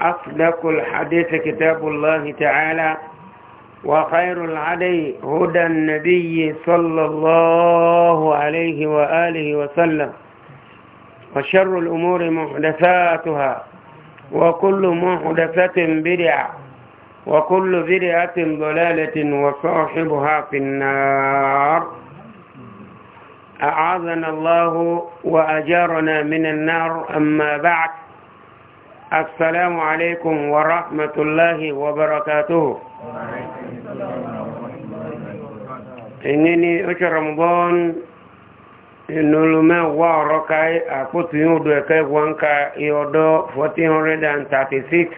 أصدق الحديث كتاب الله تعالى وخير العدي هدى النبي صلى الله عليه وآله وسلم وشر الأمور محدثاتها وكل محدثة بدعة وكل بدعة ضلالة وصاحبها في النار أعاذنا الله وأجارنا من النار أما بعد السلام عليكم ورحمة الله وبركاته إنني أشهر رمضان ìnulùmẹ́ wà ọ̀rọ̀ ká àkótù yóò dọ̀ ẹ̀kẹ́ wọn ká ìọ̀dọ́ 1436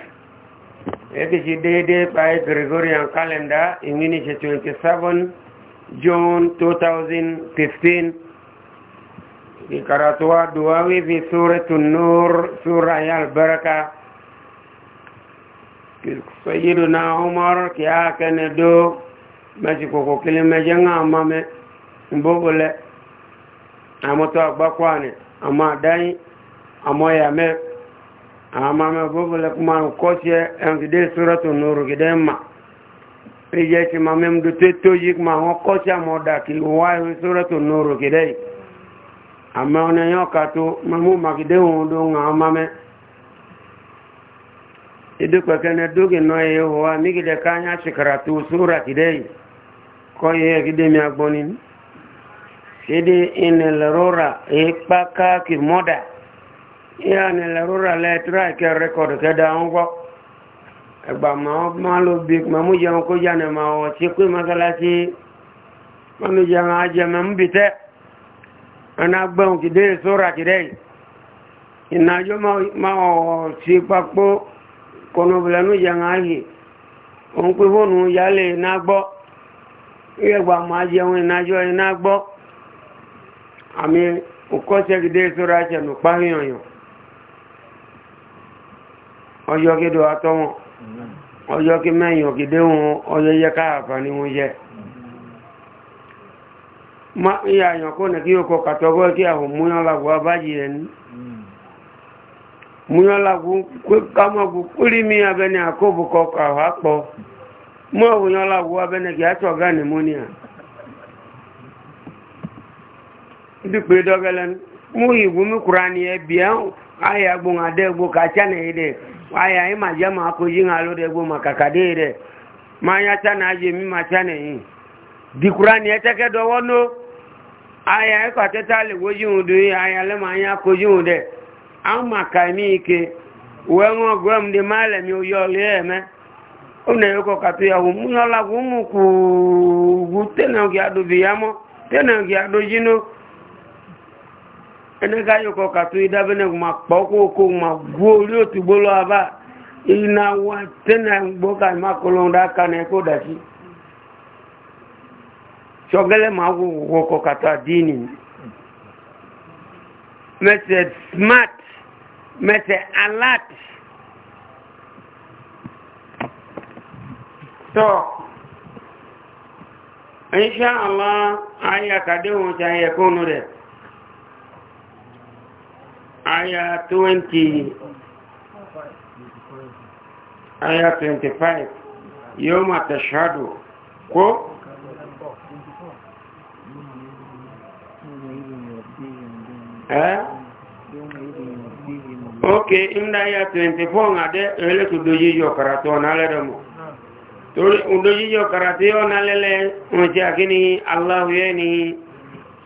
ẹ̀kì ṣe déédé pàí gregorian calendar ìmínìṣẹ́ 27 june 2015 di karatwa dua wi fi suratun nur surah al baraka sayyiduna umar kya kan do maji ko ko kelim me jenga mame mbogole amoto akbakwane ama dai amoya me ama me bogole kuma ko che en de suratun nur gidemma pe je ti mame mdu tetto yik ma ko cha moda ki wa suratun nur gidai amma onen yokatu mamu makidehu ndu ngamame idukwe kene dugi noye yehowa migide kanya sikaratu sura kidei koye kidemi agbonin kidi ine larura ipaka kimoda iya ne larura e letra ke rekod ke daungo egba mao malo bik mamu jamu kujane mao chikwi magalasi mamu jamu ajame mbite anagbẹ̀hùn kìdé sóra kìdé ìnájọ́ máa ọ̀ sí papọ̀ kọ̀nọ̀bìlẹ̀nú yẹn ààyè òun pé fóònù yálẹ̀ iná gbọ́ ìyẹ̀gbà máa jẹun ìnájọ́ iná gbọ́ àmì òkọ́sẹ̀ kìdé sóra ṣẹ̀nù páhìyànyàn ọjọ́ kìdó atọ́wọ̀n ọjọ́ kí mẹ́yàn wọn ọjọ́ yẹ káàfà ni wọ́n yẹ. ma iya nyoko na kiyo ko katogo ki aho muna la gwa bajien muna la gu ku kama gu kuli mi abene akobu ko ka hapo mo wo nyola gu abene ki acho gani munia ndi pe dogalen mu yi gu mi qur'ani e biya aya gu ngade gu ka chane ide aya ima jama ko jinga lo de gu makakadire ma ya chana aje mi ma chane yi di qur'ani e take do wono aya ịkọ e atịta ligwojiwu dị aya lema anya kojiwu ama ka eme ike wee ṅụọ gụọ m dị maala m oyi ọlịa eme ọ na-ekọ katụ ya wụ n'ọla gwu ụmụ kwuugwu tena gị adụbi ya mọ tena gị adụjinụ enega ya ụkọ katụ idabe na ma kpọkwa oko ma gwuo ori otugbolo aba ina wa tena mgbo ka makụlụ ndị aka na-eke sɔgɛlɛ ma wo wo kɔ ka taa diini mɛtɛ smart mɛtɛ alert tɔ inshàlá aya kàdéhùn ti ayẹ kónú rẹ aya twenty aya twenty five yóò ma Eh? ok inda ya 24 nga de ele tu doji yo karato na le do mo to doji yo karato yo na le le mo ja kini allah yani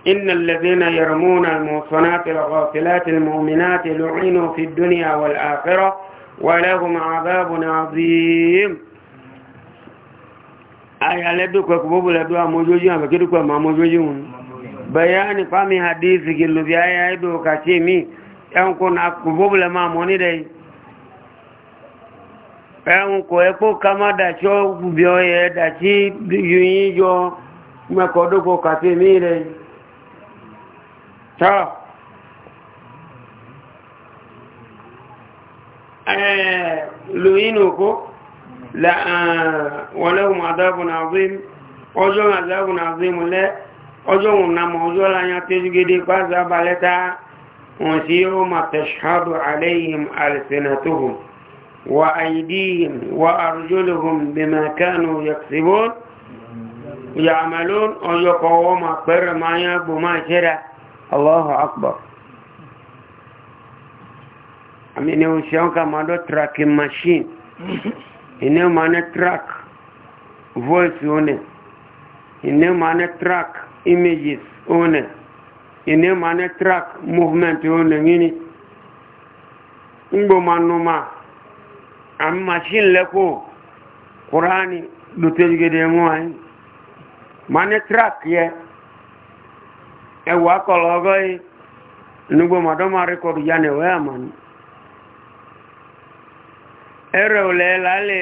ان الذين يرمون المحصنات الغافلات المؤمنات لعنوا في الدنيا والاخره ولهم عذاب عظيم aya le do ko bo bo le do amojoju abekedu ko amojoju un bayani kwami hadisi gilubi ya yi doka ce mi yan kuna kubobula ma moni dai yan ko ya ko kama da ci biyo ya da ci yunyi jo makodo ko kafe mi dai ta eh, luyinu ko la eh, wala mu adabun azim ojo adabun azim le ọjọ́ òun na mọ̀ ọjọ́ láyá tẹ́júgédé pàṣẹ balẹ́ta wọn sí yóò ma tẹ̀ṣàdù aléyìn alìsìnàtóhùn wa àìdíyìn wa àrùjọ́lùhùn bèmẹ̀kánu yàksibón yàmàlón ọjọ́ kọwọ́ ma pẹ̀rẹ̀ ma yá gbò máa ṣẹ́ra allahu akbar track voice unit ìní ma track images one ine mane track movement one ngini ngbo manuma am machine leko qurani lutelge de ngwai mane track ye e wa kologoi nugbo madoma record yane we amani ere ole lale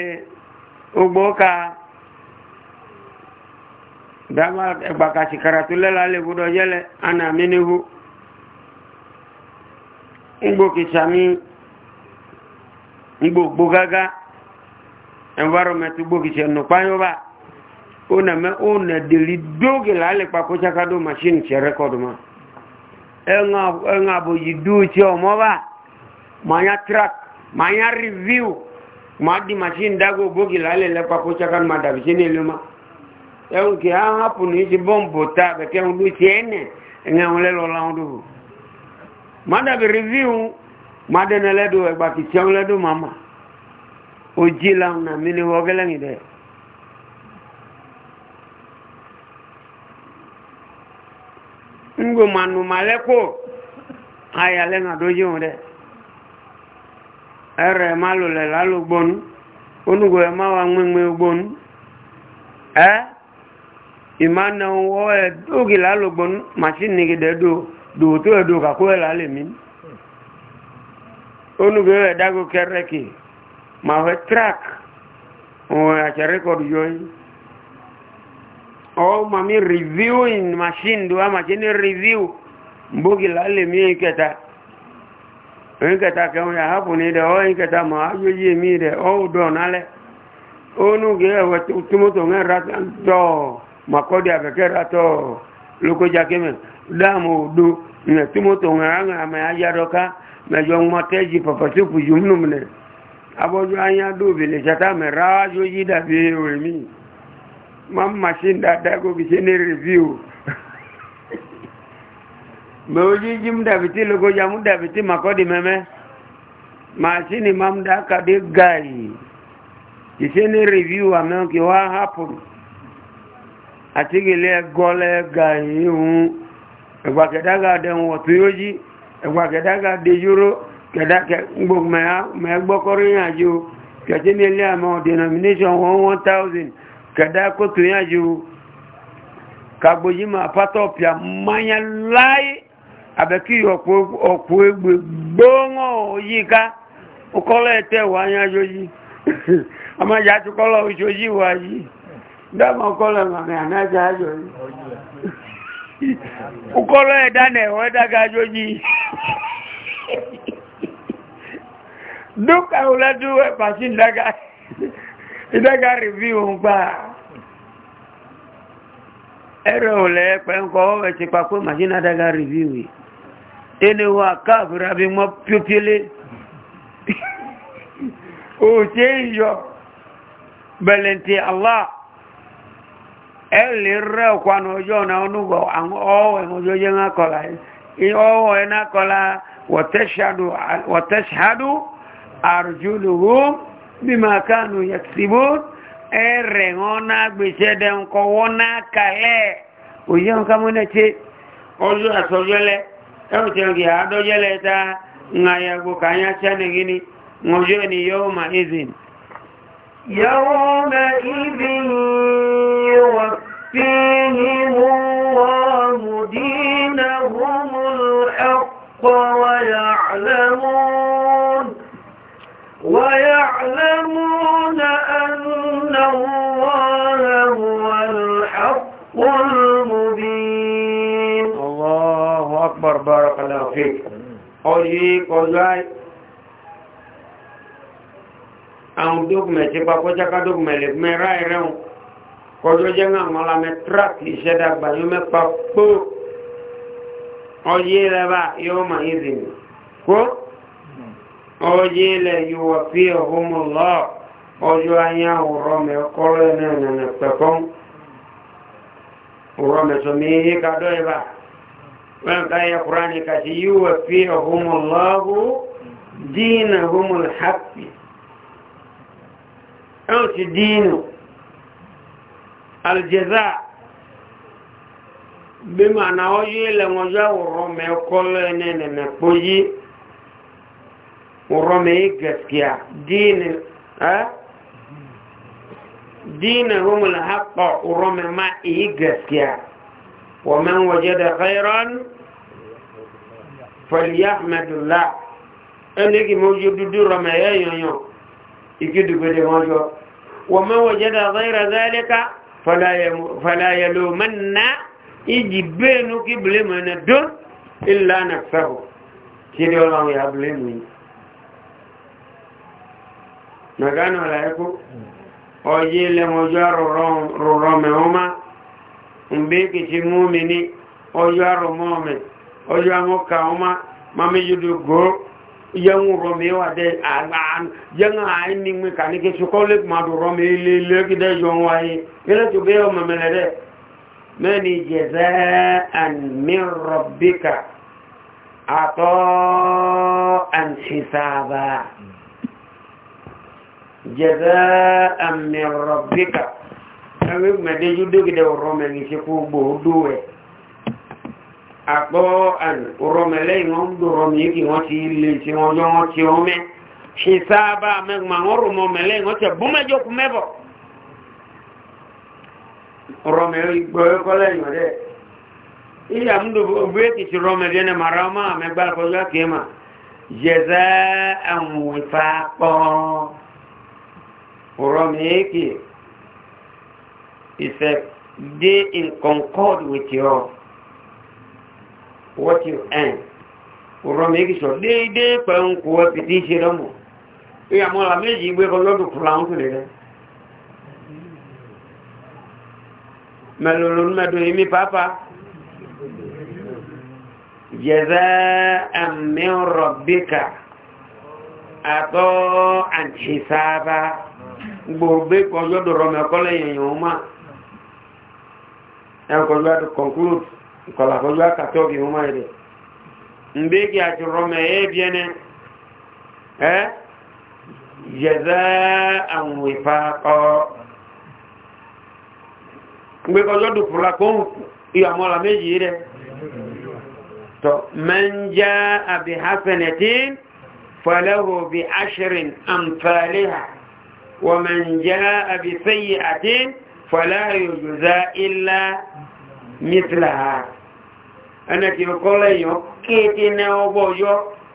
ugbo ka dama gbakasi karatu lẹ́la lè gbọdọ̀ yẹlẹ̀ ana minihu ngbòkìsàmí ngbògbò gágá environment gbòkìsẹ̀ nùpáyọ́bá ó nà mẹ́ ó nà dèlì dóògì lálẹ́ pàkó sákádó machine ṣe rẹ́kọ̀dù ma ẹ̀ń àbòyí dúùtì ọmọba ma ya track ma review madi di dago dágò gbòkì lálẹ́ lẹ́pàkó sákádó ma dàbí sí nílùú ma. ẹ̀hún kì á hapù ní ṣe bọ́m̀bù ta kẹ̀kẹ́ ẹ̀hún ló ṣe ẹ̀nẹ̀ ẹ̀hún ẹ̀hún lẹ́lọ́ láwọn dùn. mádàbí rìvíù mádẹ́nà lẹ́dọ̀ ẹ̀gbà nwere ṣẹ́hún lẹ́dọ̀ màmá ojì na nàmí ni wọ́n gẹ́lẹ́yìn dẹ̀. ńgbò mànù màlẹ́kọ̀ ayàlẹ́ ere Eh? imana wo e dugi la lugun machine ni de do do to e do ka ko e la le min onu be e dago kereki ma we track o a chere ko joy o ma mi review in machine do ma gene review mbugi la le mi e keta Enketa ke on ya hapu ni de o enketa ma ayo ye mi de o do nale onu ge wa tumoto ngara do makɔdi akɛkɛ la tɔ lokodza kɛmɛ dààmú odo nà timoto ŋa aŋa mɛ aya dɔ ká mɛ yɔ ŋma tɛdzi pɔpɔsi kudu nu mɛ abɔdzo anya do bene tsata mɛ ra yɔ yi dabi wòle mi ma machine da da ko bi se ne review mɛ o yi dzi mu dabi ti lokodza mu dabi ti makɔdi mɛmɛ machine ma mu da ka de gaa yi ti se ne review amɛ ki wa happen. àti ìgbèlẹ̀ ẹgọ́lẹ̀ ẹgà ìhun ẹgbàkẹ̀dága dẹ̀hun ọ̀tún yóò jí ẹgbàkẹ̀dága dejúró mẹ́gbọ́kọ́rìyànjú kẹtí ní ilé àmọ́ denomination 1000 kẹdá kótó yànjú kagbojí máa pátọ́ pìà máyà dámọ̀ kọ́lọ̀ mọ̀rin ànájá àjò yìí ọkọ́lọ̀ ẹ̀dá nẹ̀wọ́ dága àjò yìí dúkà ọlọ́dún ẹ̀pà sí ìdága rìbí ohun gbà ẹ̀rọ olẹ́ ẹ̀pẹ́ ń kọ́ ọ̀rẹ́ ti pàpọ̀ màṣínà dága rìbí wì ẹni wà káàbùrà bí mọ́ píópíélé òṣèyàn bẹ̀lẹ̀ntì allah ẹ̀lì rẹ̀ kwanu ọjọ́ ọ̀nà ọ̀nùgbọ̀ àwọn ọwọ́ ẹ̀mọ́jọ́ jẹ́ ńlá kọlá ọwọ́ ẹ̀ná kọlá wọ̀tẹ́ṣáàdù àrùjúlùwò bí máa kánú yẹ̀tìbó ẹ̀rẹ̀ wọn náà gbèsè dẹ̀ǹkọ́ wọn náà kalẹ̀ òye nǹkan mú náà ṣe ọjọ́ àtọ́jọ́lẹ̀ يوفيهم الله دينهم الحق ويعلمون ويعلمون أن الله هو الحق المبين الله أكبر بارك الله فيك أوليك وزاي àwọn dókùnmẹ̀ tí papọ̀ jákàdókùnmẹ̀ lè mẹ́ra ẹ̀rẹ́un kọjọ jẹ́ ń àmọ́ la mẹ́ tíráàkì ìṣẹ́dàgbà yóò mẹ́pa pó ọyẹ́ lẹ́bà yóò mà yí dì mí kó ọyẹ́ lẹ́ yóò wà fí ọ̀húnmù lọ ọjọ́ ayé àwòrán mẹ́ kọ́lọ́ ẹ̀ náà nà pẹ̀kọ́n òwúrọ̀ mẹ́sọ̀ mi yí ká dọ́ ẹ̀ bá wọ́n ká yẹ kúránì ká sí yóò wà fí ọ̀húnmù lọ́hù dínà aljaza bí ma na ọjọ́ ilẹ̀ wọn yá wọ̀rọ̀ mẹ́ kọ́lọ́ ẹni nẹ̀nẹ̀ pọ̀ yí wọ̀rọ̀ mẹ́ yí gaskiya díìnì ẹ́ díìnì humul haqqo wọ̀rọ̀ mẹ́ ma yí gaskiya wọ́n mẹ́ wọ́jẹ́ da khairan falyahmadullah ẹni kì mọ́ yóò dúdú rọ̀ mẹ́ yẹ́ yọ̀nyọ̀ ìkídùgbẹ̀dẹ̀ wọn yọ wọ́n mẹ́ wọ́jẹ́ da ghaira zalika fala yalumanna iji benu ki blemu na don illa nafsahu kiri ọlọ́run ya blemu yìí nàgánà ọ̀làyẹ́kú ọ̀yẹ́ lẹ́mọ̀jọ́ rọ̀rọ̀ mẹ́wọ́má ń bí kìí mú mi ní ọjọ́ àrùmọ́ mẹ́ ọjọ́ àmọ́kà ọmá má méjìdó gòó Yang rọmi wa dẹ àgbà yẹn àyè ní mi kàní kí sukọ lè kuma do rọmi lélẹ kí dẹ yọ wa yé yẹlẹ tó bẹ́ẹ̀ ọmọ mẹlẹ dẹ an jẹsẹ àmì rọbíkà àtọ àǹsísàbà jẹsẹ àmì rọbíkà ẹwé mẹdẹjú dókítà rọmi ní sẹkú gbòó dó àpọ́ rọmẹ̀lẹ́ ìwọ̀n ń dò rọmẹ̀ yìí kí wọ́n ti lè tí wọ́n yọ wọ́n ti wọ́n mẹ́ ṣe sáábà mẹ́gbà wọ́n rò mọ̀mẹ̀lẹ́ ìwọ̀n tẹ̀ bú mẹ́jọ kú mẹ́bọ̀ rọmẹ̀ ìgbọ̀ ẹ̀kọ́lẹ̀ ìwọ̀n dẹ̀ ìyá ń dòbò bírèkì ti rọmẹ̀ dẹ́nà màrá ọmọ àmẹ́gbà kọjá kìí mà jẹ̀zẹ́ àwọn ìfà pọ̀ rọmẹ̀ ìkì ìfẹ́ dé in concord with your what you earn ọ̀rọ̀ méjì sọ déédé pẹ̀lú kò wọ́n fi tí ṣe lọ́mọ̀ ìyàmọ́ ọ̀la méjì gbé kan lọ́dún fúnra ń tún lẹ́lẹ́ mẹ́lòlò mẹ́dùn èmi pápá jẹ́zẹ́ ẹ̀mí rọ̀bíkà àtọ́ àjíṣàbá gbogbo ìkọjọ́dọ̀ rọ̀mẹ́kọ́lẹ̀ èèyàn máa ẹ̀kọ́jọ́ àti conclude ìkọlàkọjú àkàtọ́gì ọmọ ẹ̀dẹ̀ mbégi àti rọmọ ẹ̀yẹ́ bí ẹni ẹ́ yẹ̀dá àwọn ìfàkọ́ gbẹ́kọjọ́ dùpùlà kóhùn ìyàmọ́là méjì rẹ̀ tọ́ mẹ́njá àbí hasanẹ̀tí fọ́lẹ́hù bí ashirin amfàlẹ́hà wọ́n mẹ́njá àbí sẹ́yì àti fọ́lẹ́hù yóò mitla ana ki ko le yo kiti ne obo yo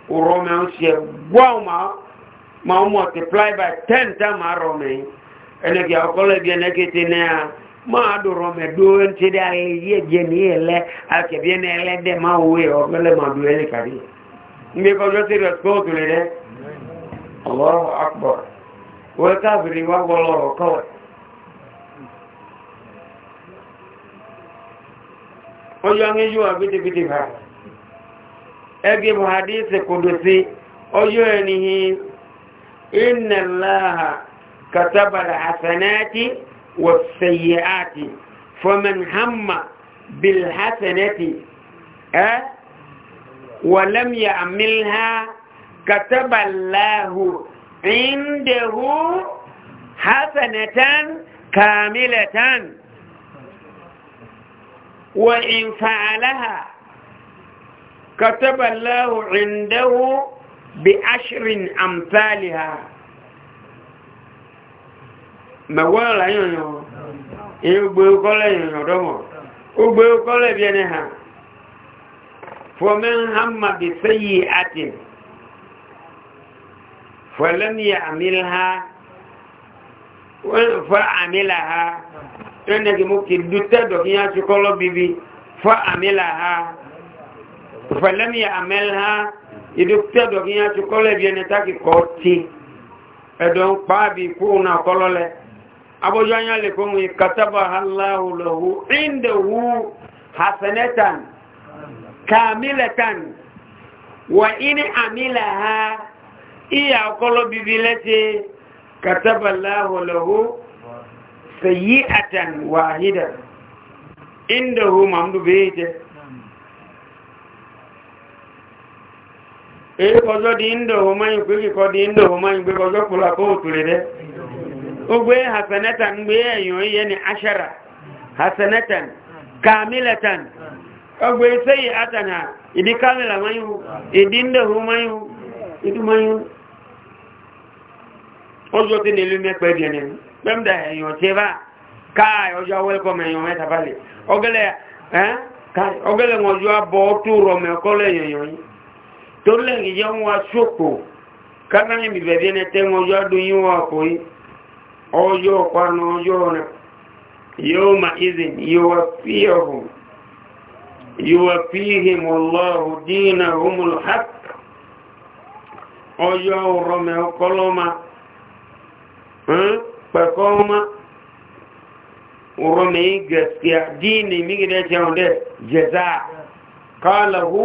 uro me o se gwa ma ma multiply by 10 ta ma ro me ana ki ko le bi ne kiti ne ma do ro me do en ti da le ye je ni ele a ke bi ne ele de ma o e o le ma do ele kari mi ko jo serious ko to le de Allahu akbar wa kafiri wa wallahu kawai ọjọ́ ń yíò àbítibítì bá ẹgbẹ́ buhari ṣe kòdò sí ọjọ́ hì ẹniyìn innaláha katabara hasanati wa sayyati faman hamma bil hasanati eh wa lam ya'milha kataballahu indahu hasanatan kamilatan وإن فعلها كتب الله عنده بأشر أمثالها ما ولا ينو يبقى كله ينو دمو يبقى كله بينها فمن هم بسيئة فلم يعملها فعملها ẹnẹ́gì mú kì dútẹ́dọ̀ kí yá ti kọ́lọ́ bíbí fọ́ àmìlà ha fẹ̀lẹ́mì àmẹ́lì ha ìdútẹ́dọ̀ kí yá ti kọ́lọ́ bí ẹni táàkì kọ́ ti ẹ̀dọ̀ ń pa bí kú na kọ́lọ́ lẹ abójú anyá lè kó wọn kàtàbà aláhùlọ́hù ìndẹ̀wù hasanẹ́tàn kàmílẹ̀tàn wà ní àmìlà ha ìyà kọ́lọ́ sayyi'atan wahida indahu mamdu beje e kozo di indahu mayin pe ko di indahu mayin pe kojo kula ko ture de ogbe hasanatan gbe eyan iye ni ashara hasanatan kamilatan ogbe sayyi'atan ha idi kamila mayu idi indahu mayu idi mayu ozo ti nilu mepe di pẹ́mdà èèyàn tí bá káàì ọjọ́ wẹ́lkọ̀mù èèyàn mẹ́ta balẹ̀ ọgẹ́lẹ̀ ọjọ́ abọ́ tó rọmẹ ọkọ́lẹ̀ èèyàn yìí tó lẹ́yìn jẹ́ wọn aṣòkò kánáyìn bìbẹ̀ bí ẹni tẹ́ ọjọ́ adóyìn wọn àpò yìí yo ma pẹ̀kọ́ọ́má rọ̀mí gaskiya dini migida jẹun dẹ jẹza kọ́lọ̀hú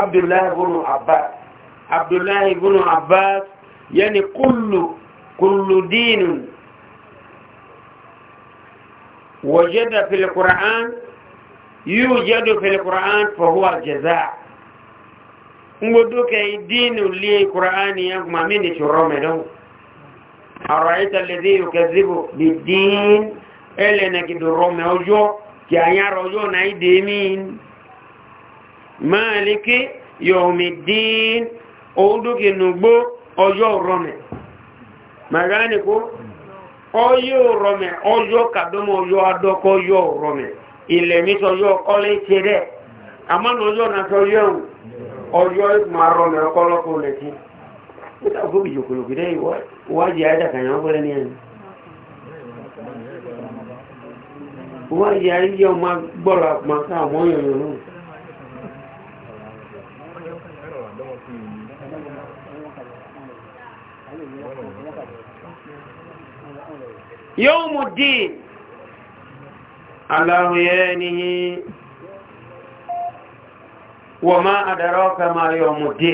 abdullahi bunu abbas abdullahi bunu abbas yẹni kullu kullu dinun wajada fil qur'an yujadu fil qur'an fa huwa jaza ngodoke dinu li qur'ani yakuma mini chorome dawo àrọ̀yẹ́tẹ̀ lèdè òkèzíbò lè dín ẹlẹ́nẹ̀kìdò rọmẹ̀ ọjọ́ kí àyàrọ̀ ọjọ́ náà ìdè mí máa lè kí yọ̀ọ̀mì dín oúdókè nùgbó ọjọ́ rọmẹ̀ màgánìkó ọjọ́ rọmẹ̀ ọjọ́ kàdọ́mọ̀ ọjọ́ adọ́kọ́ yọ rọmẹ̀ ilẹ̀ nítọ́jọ́ ọlẹ́ ṣe rẹ̀ àmọ́nà ọjọ́ náà sọ yẹ̀wò ọjọ́ ìgbà rọmẹ̀ ọkọ́lọ́kọ́ lẹ́tí wájì àìdàkàyàn fẹ́rẹ́ ní ẹni wájì àìyí ọmọ gbọ́rọ̀ àpàkà àwọn òyìnbó náà yóò mú dí aláhùyẹ́ ní wọ́n máa àdàrọ́ ọkà máa yọ mú dí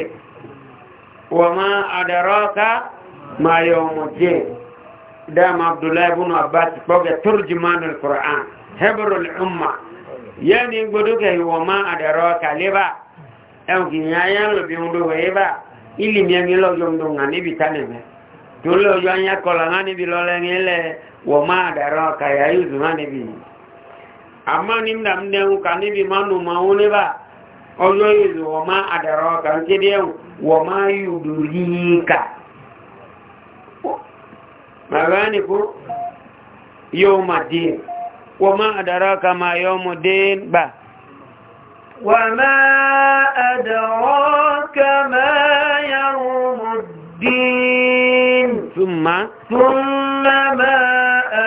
wọ́n máa àdàrọ́ ọkà ma yawmu je dama abdullahi ibn abbas boga turjumanul qur'an hebrul umma yani godoke wa ma adaraka leba en kinyaya lo bi ndo weba ili miangi lo jondo ngani bitane me tulo yanya kola ngani bi lo lengele wa ma adaraka ya yuzmani bi amma nimda mden kanibi manu maune ba oyo yuzu wa ma adaraka kideu wa ma yudurika maghanibu yawma din wama adaraka ma yawmu din ba wama adaraka ma yawmu din thumma thumma ma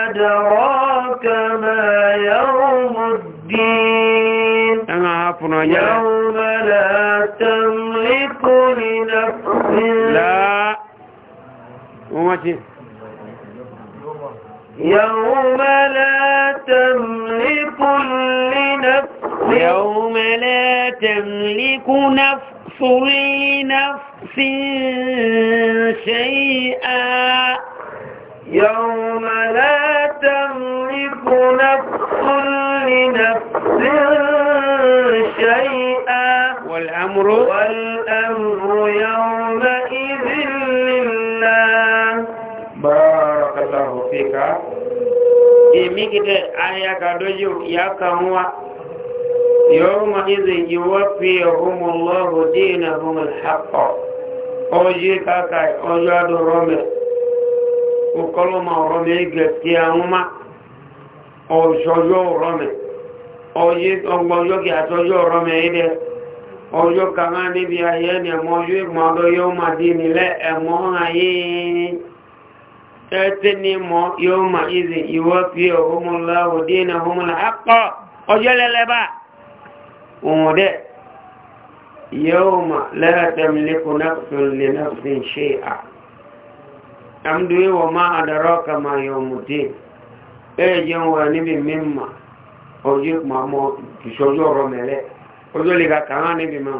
adaraka ma yawmu din ana hapuno ya yawma la tamliku li nafsin la umati يوم لا تملك لنفس يوم لا تملك نفس لنفس شيئا يوم لا تملك نفس لنفس شيئا والأمر والأمر يومئذ لله بارك الله فيك èmi kìtẹ̀ ayakadójú yàkànwá yóò ma ìzì ìwọ́ fi ọ̀húnmọ̀ lọ́rọ̀ dínà fún ìhàpọ̀ ọjí kàkà ọjọ́ adùn rọ́mẹ̀ ọkọlọ́mà rọ́mẹ̀ gẹ̀ẹ́sì àwọ́má ọ̀ṣọ́jọ́ rọ́mẹ̀ ọjí ọgbọ̀jọ́ kì àtọ́jọ́ rọ́mẹ̀ ilẹ̀ ọjọ́ kàmá níbi ayẹ́ ni ẹ̀mọ́ ọjọ́ ìgbọ̀n tẹ́tẹ́ni mọ́ yóò ma ìzìn ìwọ́ fi ọ̀húnmọ́lá òdínà ọ̀húnmọ́lá akọ́ ọjọ́ lẹ́lẹ́bà òun dẹ̀ yóò ma lẹ́ẹ̀tẹ̀mìlẹ́kù náfún lè náfún ṣe à àmdúwẹ́wọ̀ máa àdàrọ́ kama yóò mú dé bẹ́ẹ̀ jẹ́ wà níbi mímà ọjọ́ ma mọ́ ìṣọ́jọ́ ọ̀rọ̀ mẹ́lẹ́ ọjọ́ lè ka kàrán níbi mọ́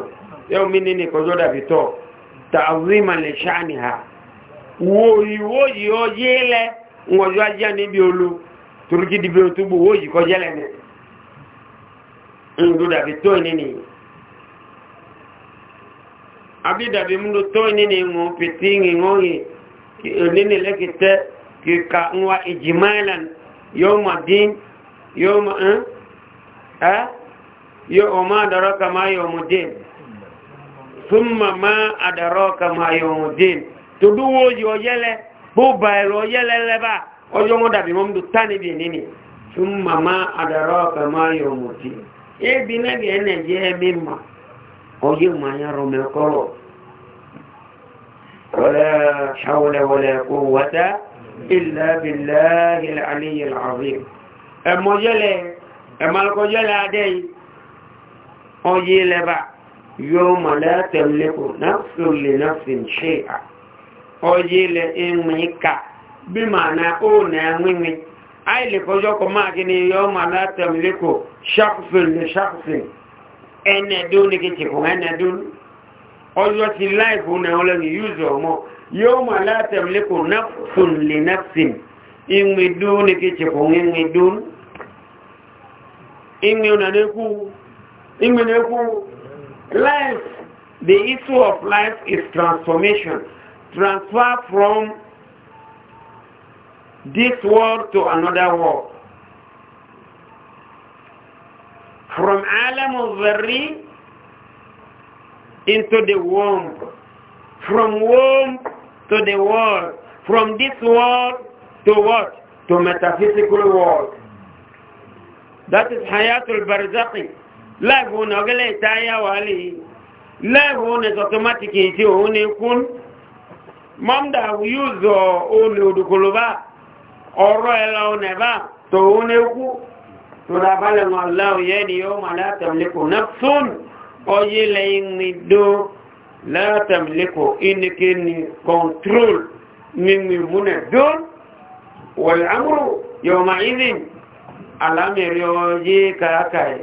wòyíwó yìí ó yé lẹ ńwọ̀jọ́ ajá níbi olú turkey dìbò tó bò wó yìí kọjá lẹ́nu ńdó dàbí tó ní ni àbí nini múndó tó ní ni ńwọ̀ pètè ńwọ̀ yìí nínú lẹ́kìtẹ́ kíkà ńwà ìjìmáìlán yóò mà dín yóò mà ń ẹ́ yóò ọmọ àdàrọ́ kàmá yóò mú dín súnmọ̀ má àdàrọ́ kàmá yóò mú dín toduwo yi ɔyɛlɛ boba ɛlɛ ɔyɛlɛ lɛba ɔyɔmɔ dabi mɔmu do tani bi nini fún mama adarɔ kama yɔmɔ ti ebi nɛbi ɛnɛdzi ɛmi ma ɔyɛ ma ya rɔmɛ kɔlɔ wala hawla wala quwwata illa billahi al-ali al-azim ɛmɔ yɛlɛ ɛmalikɔ yɛlɛ adɛ yi ɔyɛ lɛba yɔmɔ lɛ tɛmlɛko nafsu li nafsin shay'a ọjọ́ ilẹ̀ ìwìn ìkà bí ma na ó na ẹ̀wìnwìn àìlè kọjọ́ kọ máa kí ni yọ ma látẹ̀m lẹ́kọ̀ọ́ ṣàkùfìn lè ṣàkùfìn ẹnẹ̀dún ní kìtì fún ẹnẹ̀dún ọjọ́ ti láìfò na ọlọ́ni yúzọ̀ ọmọ yọ ma látẹ̀m lẹ́kọ̀ọ́ nafsùn lè nafsìn ìwìndún ní kìtì fún ìwìndún ìwìndún life the issue of life is transformation transfer from this world to another world. From alam the zarri into the womb. From womb to the world. From this world to what? To metaphysical world. That is Hayatul Barzakhi. Life on Ogele Taya Wali. Life on is automatic in Jihun mọ́mdà yóò olè òdòkòlò bá ọ̀rọ̀ ẹ̀lọ nẹ̀bá tó ó nékú tó dábálẹ̀ wọn láòyẹ́ ni yóò máa látàmlékò neptun ọyẹ́ lẹ́yìn ìdó látàmlékò inike ni control mímí múnẹ̀ dún wọ̀lẹ̀ amúrò yóò máa ìzìn alámẹ̀rẹ̀ kàákàí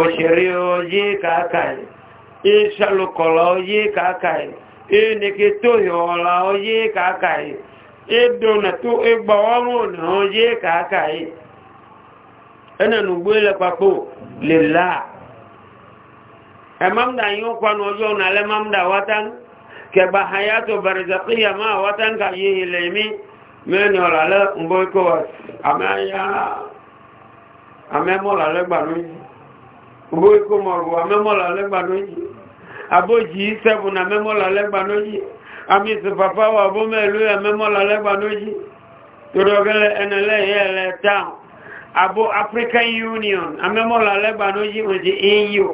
òṣèré ọjẹ́ kàákàí ìṣàlùkọ̀lọ̀ ọjẹ́ kàákàí eneke tohi ọla oye kaka yi edo na to egba ọrụ na oye kaka yi ena na ugbo ele kpakpo lela emamda yi ụkwa na ọjọọ na ale mamda watan kẹba hayato barzakiya ma watan ka yi ilemi mẹni ọlalẹ mbo ikowa amẹya amẹmọlalẹ gbanụ yi ugbo ikowa amẹmọlalẹ gbanụ yi abójì sẹ́bùn na mẹ́mọ́lá lẹ́gbà lójí àmì ìsìnfàfà wà bó mẹ́lú ẹ̀ mẹ́mọ́lá lẹ́gbà lójí torí ọgẹ́lẹ̀ ẹnẹlẹ́yẹ ẹlẹ́ town abó african union amẹ́mọ́lá lẹ́gbà lójí òjì eu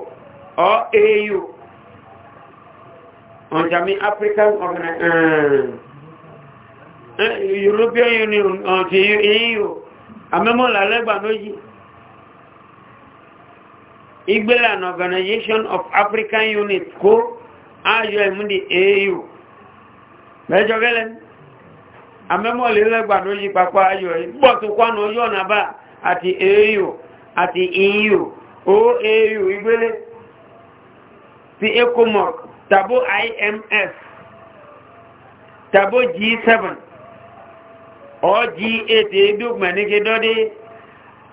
or au ọ̀jàmí african organ, eh, eh, european union ọ̀jì eu amẹ́mọ́lá lẹ́gbà lójí Igbelan Organization of African Unit kó ayọ e e di AU. Mẹ́jọ gẹ́lẹ́ amẹ́mọ̀lélẹ́gbà ló yí papọ̀ ayọ ìgbọ́ tó kwánà ojú ọ̀nà bá ati AU ati EU OAU ìgbélé ti ECOMOC tàbó IMF tàbó G7 ọ G8 èdè ògbẹ̀nígédọ́dé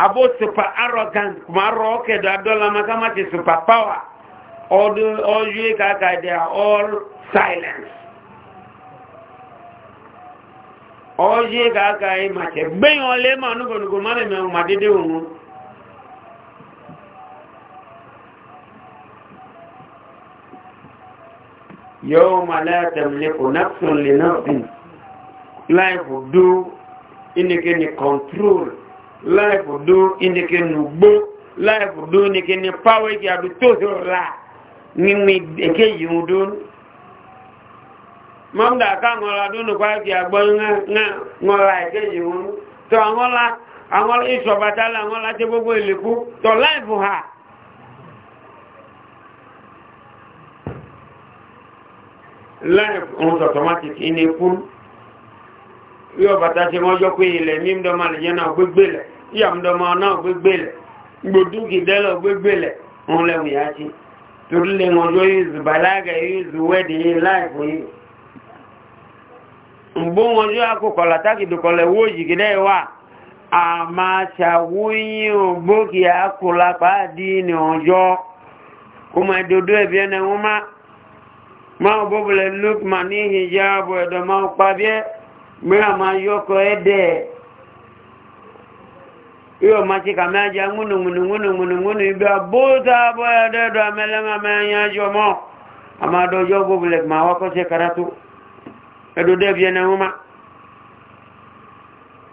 abo super arrogant kuma arọ ọkẹdọ adọlama kama ti super power ọdún ọjọ́ kaka they are all silence ọjọ́ kaka ẹ màṣẹ gbẹ̀yìn ọlẹ́ mọ̀ nígbònúgbò mọ́lẹ̀ mẹ́rin màdédé òun yóò màlẹ́ àtẹ̀mìlẹ́ connection lè náà sí láìpù dú inìkẹ́ ni control life do indike nugbo life do indike ni power ki adu to so la ni mi eke yun do mam da ka ngola do no kwa ki agbo nga ngola eke yun to ngola ngola iso batala ngola te gbogbo ileku to life ha life on automatic in a pool yóò bàtà ṣe mọ́jọ́ pé ilẹ̀ ní ìdọ́mà nìyẹn náà gbégbélẹ̀ yíya ìdọ́mà náà gbégbélẹ̀ gbòdúkì dẹ́lọ gbégbélẹ̀ wọn lẹ́wù yá sí torí lè wọn ló yìí zùbàlágà yìí zùwẹ́dì yìí láìpẹ́ yìí ǹbó wọn yóò akókò látàkìdùkọlẹ̀ wó jìgídẹ́ wa àmà ṣàwóyìn ògbókì àkùlà pàdé ní ọjọ́ kó máa dodo ẹ̀bí ẹni wọn má máa bọ́bọ̀lẹ̀ lukman ní ìhìjáàbọ̀ ẹ̀dọ̀ máa pa bíẹ́ mira mayoko ede iyo machika meja ngunu ngunu ngunu ngunu ngunu ibia buta boya dedo amelenga menya jomo ama dojo google ma wako se karatu edo devye na uma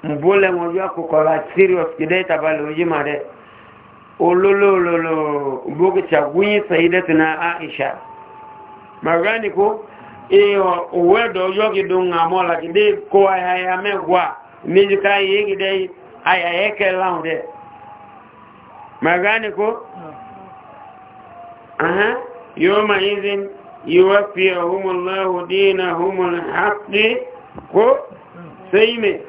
mbule mwajua kukola serious kideta bali ujimare ulululululu mbuki chagunyi saide tina aisha magani ku iyo uwedo yogi dunga mola kidi ko ya megwa mizika yigi dai haya yake launde magani ko ah. aha yoma izin yuwaffiyahumullahu dinahumul haqqi ko sayme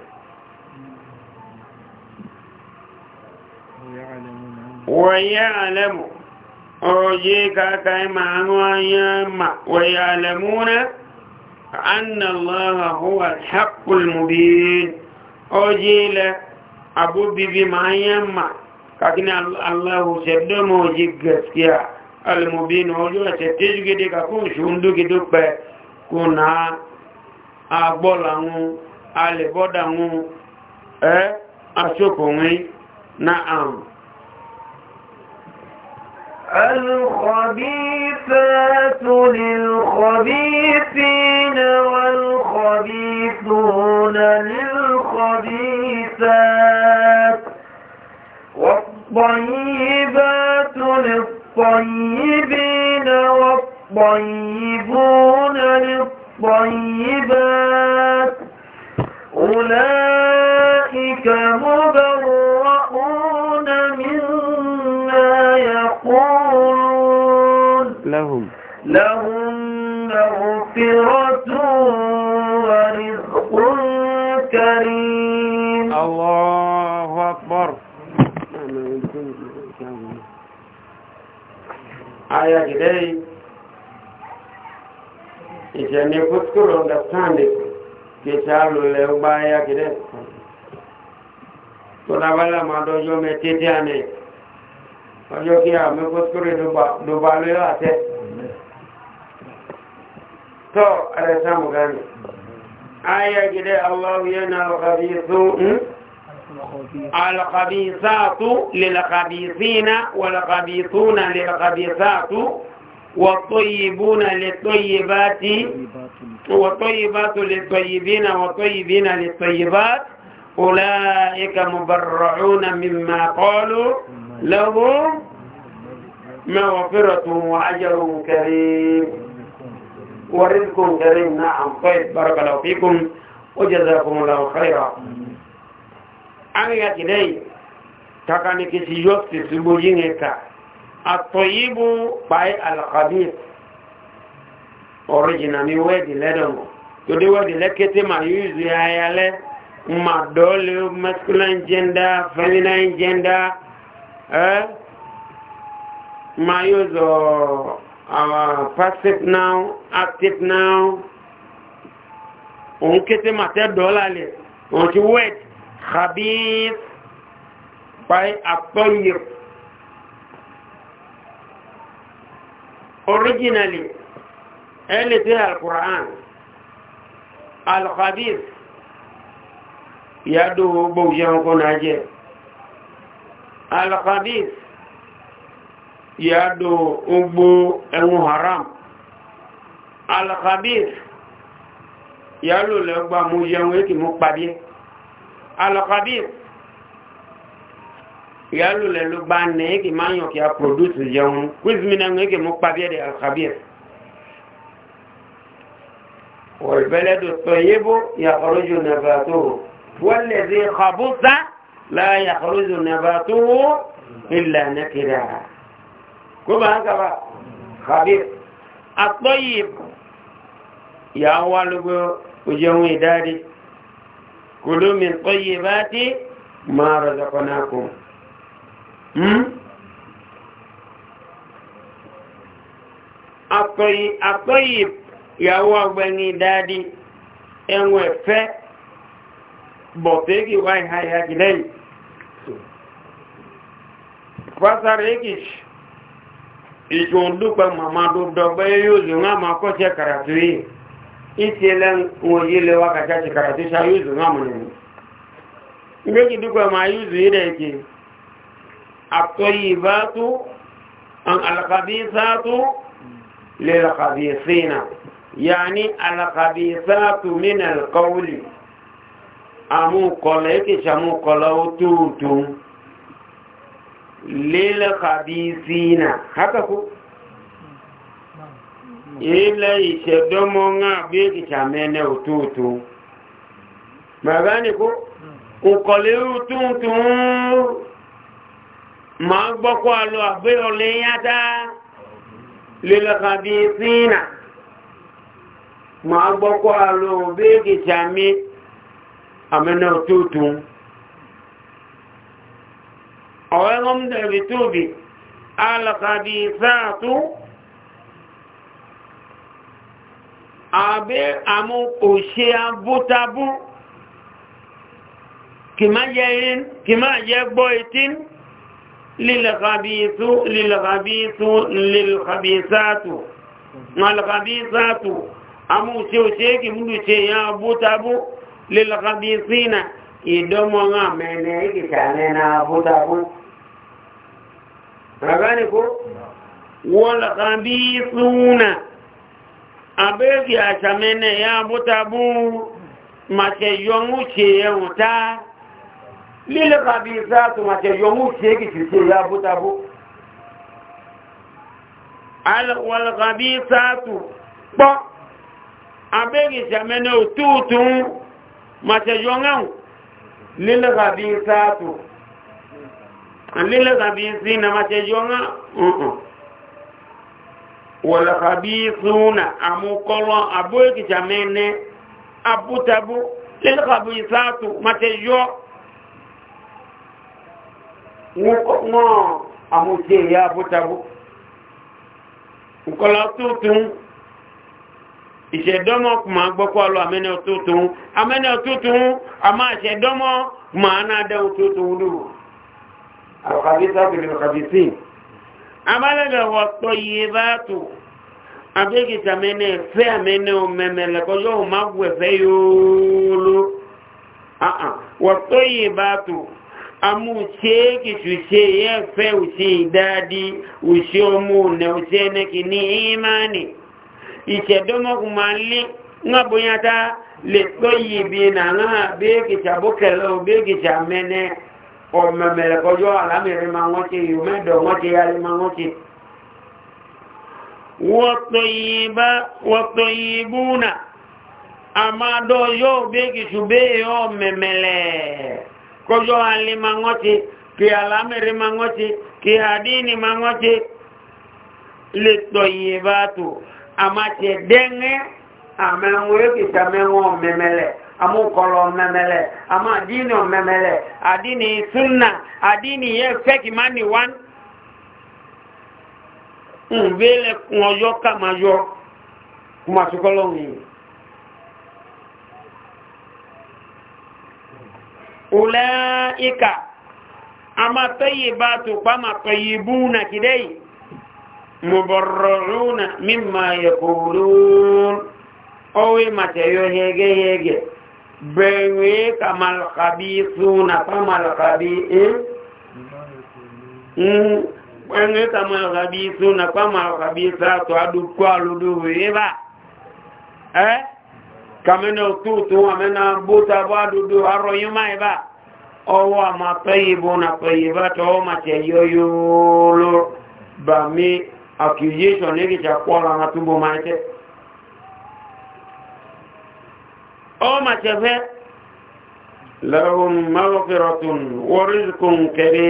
ويعلم oye kaka ma anwanya ma a ya'lamuna anna allaha huwa al mubin oye le abu bibi ma yamma kakina allahu seddo mo gaskiya al-mubin ojo se tejuge de ka kun shundu ki dupe kuna agbola nu ale boda eh asoko الخبيثات للخبيثين والخبيثون للخبيثات والطيبات للطيبين والطيبون للطيبات أولئك مبرؤون يتقون لهم لهم مغفرة ورزق كريم الله أكبر آية كده إذا نفكر understanding كتاب لو بايا كده تنابلا ما دوجو متيتاني ọjọ́ kí a mẹ́ fọ́síkọ́rẹ̀ ló bá lé láti tọ́ ẹ̀rẹ́ sáàmù gani a yẹ gidẹ́ والطيبون للطيبات والطيبات للطيبين والطيبين للطيبات أولئك مبرعون مما قالوا له مغفرة وأجر كريم ورزق كريم نعم طيب بارك الله فيكم وجزاكم الله خيرا أنا يتلي تكاني كسي يوكسي سبوجينيكا الطيب باي الخبيث original mi wedi ledomo todi wedi lekete ma yuzu ya yale ma dole masculine gender feminine gender eh use uh, our passive now active now òun kété màtẹ́ dọ́là lẹ̀ On ti wet khabir by atoyir originally ẹlẹ́tẹ́ al-Qur'an al-khabir yàdó gbogbo ìṣẹ́ ọkọ̀ alkhabis yàdò ogbó ẹ̀wọ̀n haram alkhabis yàlò lẹ́gbà mú yẹun èkì e mú pàdé alkhabis yàlò lẹ́lúgbà ní èkì e máa yàn kí a produce yẹun kúzmínà èkì mú pàdé dẹ̀ alkhabis والبلد الطيب يخرج نباته والذي خبث la yakhruju nabatuhu illa nakira ko ba haka ba khabir at-tayyib ya walugo ujeun idari kulu min tayyibati ma razaqnakum hmm at-tayyib at-tayyib ya wagbani idadi enwe fe bọ̀tẹ́gì wáyé hayagilẹ́yìn pásárì english ìjọ dúpẹ́ màmá tó dọ̀gbẹ́ yóò zò ń àmà kọ́ṣẹ́ kàràtú yìí ìtìlẹ̀ wọn yìí lè wákàtí àti kàràtú sá yóò zò ń àmà nìyí méjì dúpẹ́ màá yóò zò yìí dẹ̀ jẹ́ àtọ́yìí bá tó الخبيثات للخبيثين يعني الخبيثات من القول أمو قلت شمو قلوتوتم lil khabithina haka ku ila ishedomo nga biki chamene ututu magani ku ukole ututu magbo kwa lo abe oleyata lil khabithina magbo kwa lo biki chami amene ututu ọ̀wẹ́rọm dẹ̀bi tóbi alàkàbí sáàtú àbẹ́ àmú òṣè abútabú kìmá jẹ́ gbọ́ ìtín lílàkàbíìsú lílàkàbíìsú lílàkàbíìsáàtù malàkàbíìsáàtù àmú òṣè òṣè kìmúlù ṣe yá abútabú lílàkàbíìsínà ìdọ́mọ́ àmẹ́nẹ́ ìkìtàmẹ́nà abútabú ka gane ko wala khabithuna abegi achamene ya butabu mace yongu ce yauta lil khabithatu mace yongu ce kice ya butabu al wal khabithatu ba abegi achamene ututun mace yongu lil khabithatu alila khabithina machejonga uh-uh. wala na amukolo abwe kichamene abutabu lil khabithatu machejo ngo ngo amuje ya abutabu ukola tutu ìṣẹ̀dọ́mọ́ kùmà gbọ́kọ́ lọ àmẹ́ni ọ̀tútù àmẹ́ni ọ̀tútù àmá ìṣẹ̀dọ́mọ́ kùmà náà dẹ̀ ọ̀tútù lóòrùn الخبيثات للخبيثين أما لدى والطيبات أبيك تمني فهمني ومملك يوم أقوى فيولو أه والطيبات amu seki tushe ya fe ushe idadi ushe omu na ushe na kini imani ichedomo kumali ngabunyata le toyi bi na nga be bokelo be mene ọ̀mẹ̀mẹ̀rẹ̀ kọjọ́ àlámẹ̀rẹ̀ ma wọ́n ti yìí mẹ́dọ̀ wọ́n ti yàrí ma wọ́n ti wọ́pọ̀ yìí a máa dọ́ yóò bí kìsù bí kọjọ́ alẹ́ ma wọ́n ti kí ma wọ́n ti kí àdínì ma wọ́n ti lè tọ̀ yìí bá tó a máa amukɔlɔ mɛmɛlɛ ama adini mɛmɛlɛ adini sunna adini yɛ fɛki mani wan nbɛ kama yɔ kumasukɔlɔ ŋu wòlɛ ika ama tɔyi baatu kpama tɔyi buuna kidɛyi mubɔrɔruna mima yɛ kooluu ɔwɛ yɔ hɛgɛ hɛgɛ. bẹ̀rẹ̀ kàmàlàkàbí súnà pàmàlàkàbí ẹ́ ẹ̀rẹ́ kàmàlàkàbí súnà pàmàlàkàbí sàtọ̀ àdúkọ́ alódówè ẹ́bà ẹ́ kàmẹ́nà òtútù àmẹ́nà bótabọ́ àdúdó arọ́yúnmá ẹ̀bà ọwọ́ àmàtọ́yìnbó na pẹ̀yìnbá tọwọ́ màtẹ̀ yọ́yọ́ lọ bàmí accusation ní kìí ọmọ tẹ̀fẹ́ lọ́wọ́n mọ́fẹ́rọ̀tún wọ́rísùkùn kẹrẹ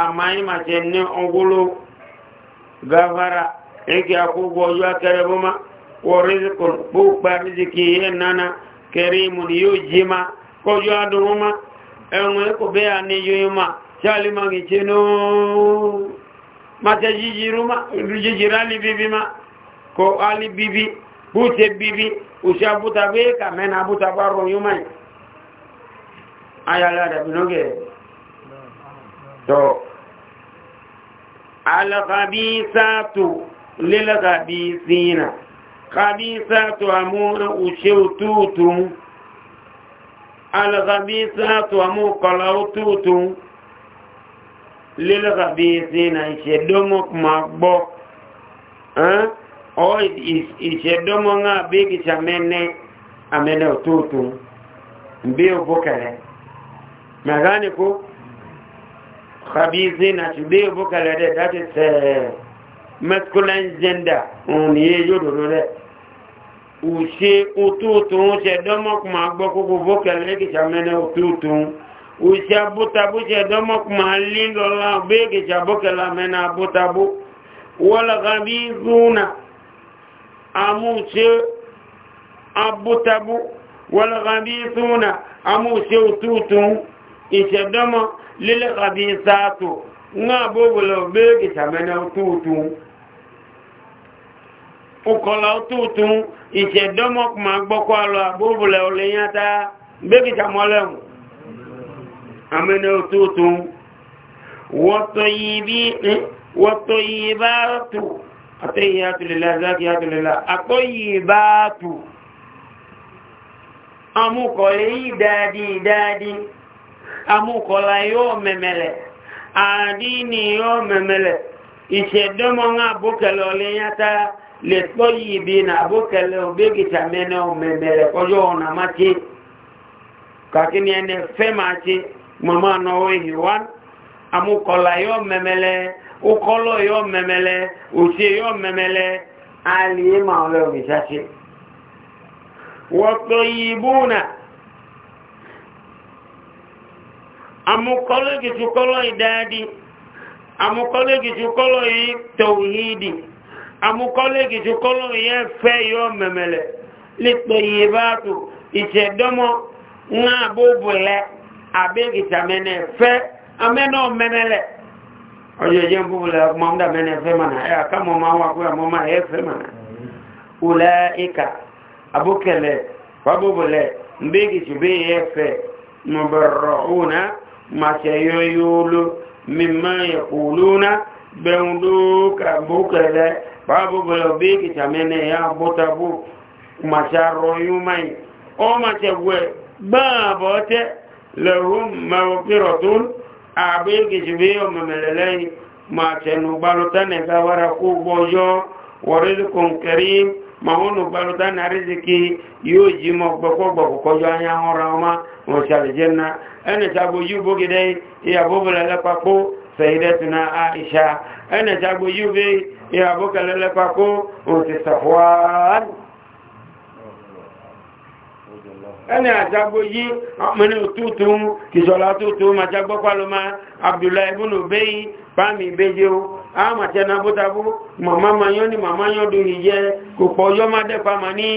àmà ìmàṣẹ ní ọgbọ́lọ́ gáfàrà ẹkẹ àkógbò ọjọ́ akẹrẹ bọ́má wọ́rísùkùn púpà rísìkì yẹ nana ma kọjọ́ adùnmọ́má ẹ̀wọ̀n bute bibi usha buta weka mena buta baro yumai ayala da binoge to al khabisatu lil khabisina khabisatu amuna usheututu al khabisatu amu qalaututu lil khabisina shedomo magbo eh ọ ìṣẹ̀dọ́mọ́ náà bí i ṣe amẹ́nẹ́ amẹ́nẹ́ ọ̀tọ́ọ̀tọ́ bí i bókẹ̀lẹ̀ mẹ́gáníkó kàbíyèsí àti bí i bókẹ̀lẹ̀ rẹ̀ dáti sẹ̀ masculine gender òun ni yé yóò dòdó rẹ̀ òṣè ọ̀tọ́ọ̀tọ́ ṣẹ̀dọ́mọ́ kùmà gbọ́ kókó bókẹ̀lẹ̀ kì ṣe amẹ́nẹ́ ọ̀tọ́ọ̀tọ́ òṣè abótabó ṣẹ̀dọ́mọ́ kùmà lílọ́lá bí i ṣe abókẹ̀lẹ̀ amẹ́nẹ́ abótabó wọ́lá kàbíyèsí amúnṣe abútabú wọlọ́gbàbíṣúnà amúnṣe òtútùn ìṣẹ̀dọ́mọ́ lílẹ̀gbàbíṣàtò ní àbúgbòlò bẹ́ẹ̀kì sàmẹ́nà òtútùn ọkọ̀lá òtútùn ìṣẹ̀dọ́mọ́ ma gbọ́kọ́ alọ àbúgbòlò olèyàntá bẹ́ẹ̀kì sàmọ́lẹ̀mù àmẹ́nà òtútùn wọ́tọ̀ yìí bá rọ̀tù àtẹ́yìyàtò lè láàzákìyàtò lè láà àtọ́yì bá tù amúkọ̀lẹ̀ yìí dáadí dáadí amúkọ̀lá yóò mẹ́mẹ́lẹ̀ àdí ni yóò mẹ́mẹ́lẹ̀ ìṣẹ̀dọ́mọ́ àbókẹ̀lẹ̀ ọlẹ́yàtà lè tọ́yì bí na àbókẹ̀lẹ̀ òbégìtà mẹ́nà mẹ́mẹ́lẹ̀ kọjọ́ ọ̀nà má ṣe kàkíní ẹni fẹ́ máa ṣe mọ̀mọ́ àná amúkọ̀lá yóò mẹ́mẹ́lẹ̀ ukọlọ yọ mẹmẹlẹ òṣè yọ mẹmẹlẹ alìyé ma ọ̀rẹ́ òmìsáṣe wọ́pọ̀ yìíbúnà àmúkọlọ ìgìtù kọlọ ìdáadì àmúkọlọ ìgìtù kọlọ yìí tòhídì àmúkọlọ ìgìtù kọlọ fe fẹ́ oye je mbubula mamda mene femana ya eh, kama mawa kwa mama he eh, femana ulaika abukele wabubule mbigi chibi yefe mubarrauna machayoyulu mimma yakuluna benduka bukele wabubule mbigi chamene ya ọ butabu macharoyumai o machagwe babote lahum mawfiratun abe gijibe yo memelelei ma chenu balutane gawara kubwa yo warizikun karim mahunu balutane riziki yo jimo gbogbo gbogbo kojo anya hora oma mọ̀ṣàlẹ̀ jẹ́nà ẹni tàbí yíò bógidé ìyàbóbulẹ̀lẹ́pàkó sẹ̀yìdẹ́tìna àìṣà ẹni tàbí yíò bí ìyàbókẹlẹ́lẹ́pàkó òtìsàfọ́án ẹni àjágbó yí ọmọdé òtútù kìsọ̀lá tútù màjágbó pálọ́mà abdullahi ibùnú bẹ́yì báàmì ìbéjì o àmàtẹ́ nabótabó màmá mayọ́ ni màmá yọ́ do ìyẹ́ kò pọ̀ yọ́ má dẹ́ pàmà ní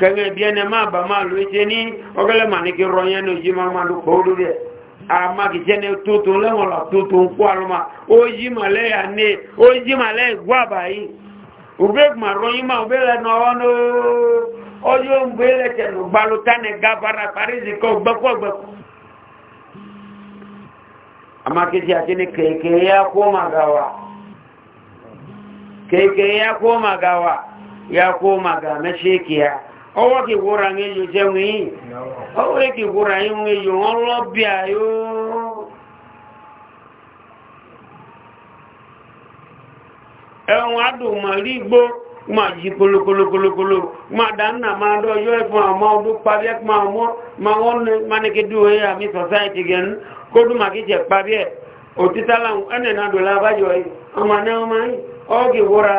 kẹ́gẹ́ bí ẹni máa bà máa lò ṣe ní ọgọ́lẹ̀ mà ní kí rọ yẹn ní ojú máa máa lò kọ́ lórí ẹ̀ àmàkìsẹ́ ni tútù lẹ́wọ̀n là ní ó yí màlẹ́ ìgbọ́ àbáyé òbẹ́ kùmà rọ yí ọjọ́ ń gbé lẹ́tẹ̀ ló gba ló tánì gábára parísì amakịsị gbẹ́kọ̀gbẹ́kọ̀. àti ní kéèkéé yá kó máa ga wa kó máa ga wa yá kó máa ga mẹ́ṣẹ́ kìá ọwọ́ kì wúra ń yóò ma jí e kolokolokolo ma dáná e ma dọ́ yọ ẹ̀fún àmọ́ ọdún parí ẹ̀ ma wọ́n e ma wọ́n ní manikidi òye àmì sọ̀sáìtì gẹ̀ẹ́nu kódù ma kí jẹ parí ẹ̀ òtítàlá ẹnẹ̀ náà dòlá abájọ yìí ọmọ náà ọmọ yìí ọ́gì wúra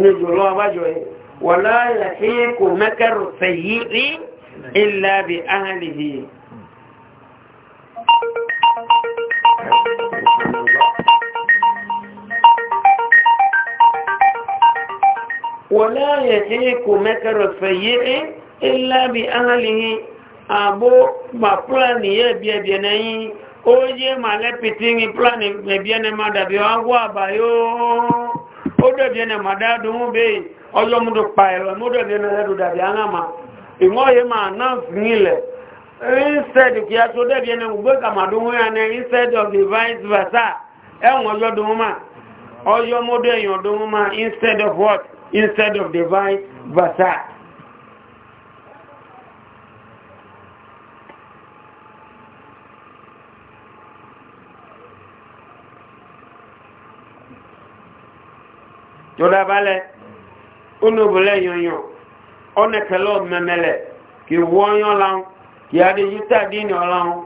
ní jùlọ abájọ yìí wọ́n láyà sí kò mẹ́kẹ́rù sẹ̀yí rí ìlàbí ahàlì yìí ولا يحيك مكر السيء إلا بأهله أبو ما بلان يبيا بيني oye male pitini plan mebiene madabi wangu abayo odo biene madadu mbe oyo mudo paelo mudo biene hedu dabi ma announce ngile instead kiacho de biene ubeka instead of the vice versa engo yo instead of what instead of the vice versa. Tọ́lá balẹ̀, onúbùlẹ̀ yọnyọ, ọ̀nẹ̀kẹ̀lọ́ mẹ́mẹ́lẹ̀, kì wọ́nyọ́ láhùn, kì adé yúta dínì ọláhùn,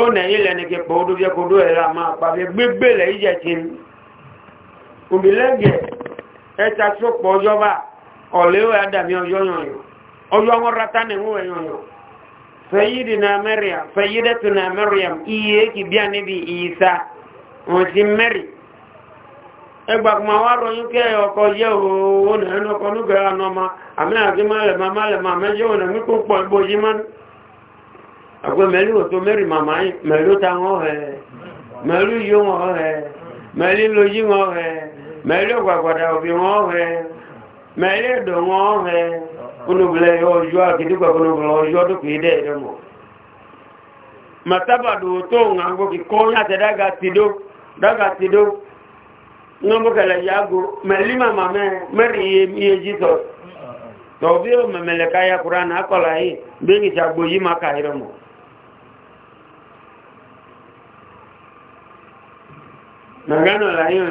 ó nẹ̀yìn lẹ́ni kì pọ̀ odó jẹ́ kodó ẹ̀rọ àmà àpàbẹ̀ gbégbé lẹ̀ ìjẹ̀ tí ń. Òbílẹ̀ gẹ̀ẹ́ ẹta tó pọ̀ ọjọ́ bá ọ̀lẹ́wẹ̀ adàmì ọjọ́ yọ̀nyọ̀ ọjọ́ wọn rata ní ìwọ̀n yọ̀nyọ̀ fẹ̀yìdì na mẹ́rìàm fẹ̀yìdẹ̀tù na mẹ́rìàm iye kì bí a níbi ìyíta wọn ti mẹ́rì ẹgbàkùnmá wà rọyún kẹ́ ọkọ̀ yẹ òwò nà ẹnu ọkọ̀ nígbẹ̀rẹ̀ anọ́mà àmì àti málẹ̀mà málẹ̀mà mẹ́jọ ònà mí kó pọ̀ ẹgbó yí mọ́n àgbẹ̀ mẹ́lú òtó mẹ́rì màmá mẹ́lú táwọn ọ̀hẹ́ mẹ́lú yóò ọ̀hẹ́ mẹ́lú lójú ọ̀hẹ́ mẹ́lẹ́ gbàgbàdà òbí wọ́n rẹ̀ mẹ́lẹ́ ẹ̀dọ̀ wọ́n rẹ̀ kúnnùbìlẹ̀ ọjọ́ àkìdígbà kúnnùbìlẹ̀ ọjọ́ dúkì dẹ̀ ẹ̀dẹ̀ mọ̀ màtábàdù tó ń àgbò kíkọ́ yàtẹ̀ dága tìdó dága tìdó ŋa mo kala yaago mɛ lima ma mɛ mɛri iye iye jitɔ tɔw bi o mɛmɛ lɛ kaya kura na akɔla yi bengi ti agbo yi ma ka yɛrɛ nàgánà la yíyan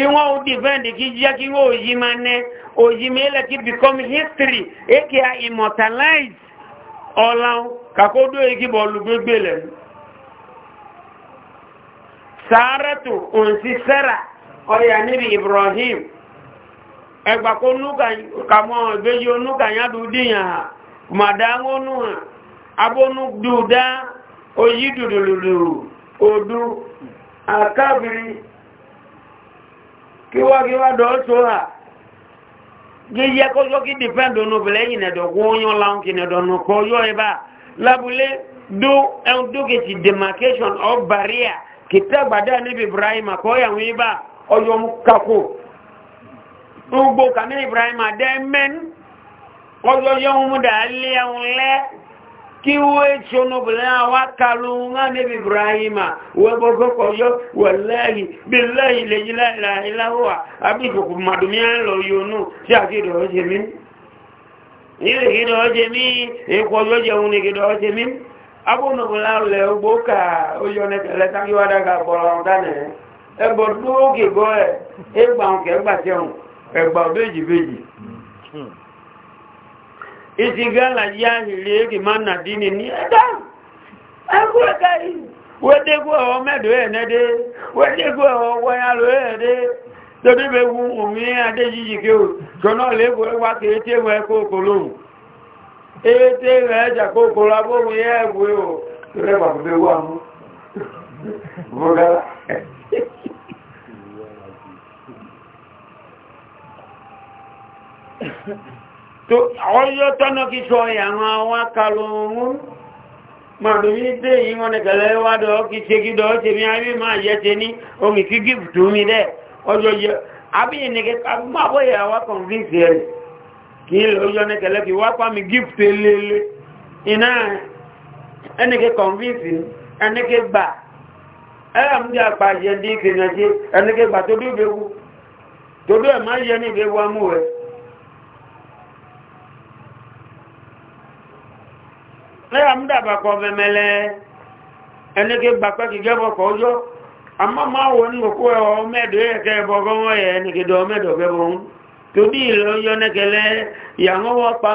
iwọ udivendị gị ji aka iwe ojimane ma gị bikom histri eke ya imotaliz ọla ka kodo gị bụ ọlụgbegbele saratu onsi sara ọya nebi ibrahim ɛgbako nu ka ka mɔ ebedzi onu ka nya do di nya ha ma daa ŋo nu ha daa oyi dudududu odu akabiri kiwa kiwa dosoa gija koso ki dependo no bele yine do gonyo la onkine do no koyo eba labule do en eh, do ke ti demarcation of barrier ki tagba da ni ibrahim ko ya wi ba oyo mu kako ugbo ka ni ibrahim de men oyo yo mu da le kí wé tí ó nùbìlẹ̀ àwá kàlùngá níbi ibrahima wẹ́gbọ́gbọ́kọ̀ yọ wẹ̀lẹ́yìn bí lẹ́yìn lè jí láìláìláwà àbíṣòkù màdùmíà lọ yónú tí àkídọ̀ ọjẹ́ mi nílẹ̀ kídọ̀ ọjẹ́ mi èkó ọjọ́ jẹun ní kídọ̀ ọjẹ́ mi abúnùbìlẹ̀ àlẹ̀ ogbó ká e nẹ́kẹ̀lẹ́ sákíwádà ká bọ̀rọ̀ ìsìgálà yá ìrè èkì máa nà dí ni ní ẹ̀dá ẹgbẹ́gbẹ́ wẹ́dẹ́gbẹ́ ọ̀họ́ mẹ́dọ̀ ẹ̀nẹ́dẹ́ wẹ́dẹ́gbẹ́ ọ̀họ́ wọ́yálò ẹ̀ẹ́dẹ́ tọ́dẹ́bẹ̀ wú òmí adé yíyí kí o jọ̀nà lẹ́gbẹ́ wá kí ètè rẹ̀ kókò lóhùn ètè rẹ̀ jà kókò lábóhùn yẹ́ ẹ̀gbẹ́ o tọ́lẹ́ pàtàkì wà mú Thank you so ọyọ́ tọ́nà kí sọ ìyàwọn àwọn akalóhun màdùmí dé yìí wọn nìkẹ̀lẹ̀ wádọ́ kí ṣe kí dọ́ ṣe mi ayé máa yẹ ṣe ní omi kí gíf tún mi dẹ́ ọjọ́ yẹ abíyẹ nìkẹ́ mábọ̀ yẹ àwa convince ẹ̀ kí lọ́jọ́ nìkẹ̀lẹ̀ kí wá pa mi gíf tẹ lélẹ̀ iná ẹnìkẹ́ convince ẹnìkẹ́ gbà ẹ̀rọ mi lẹ́yà mú dàbà kọ bẹ̀mẹ̀lẹ́ ẹnìkẹ́ gbàpẹ́ kì gẹ́bọ̀ kọ ọjọ́ àmọ́ máa wọ ní òkú ẹ̀ ọ mẹ́ẹ̀dọ́ ẹ̀kẹ́ ẹ̀bọ̀ gọ́wọ́ yẹ ẹnìkẹ́ dọ̀ mẹ́ẹ̀dọ̀ gẹ́bọ̀ ń torí ìlọ yọ nẹ́kẹ́lẹ́ ìyàwó wọ́n pa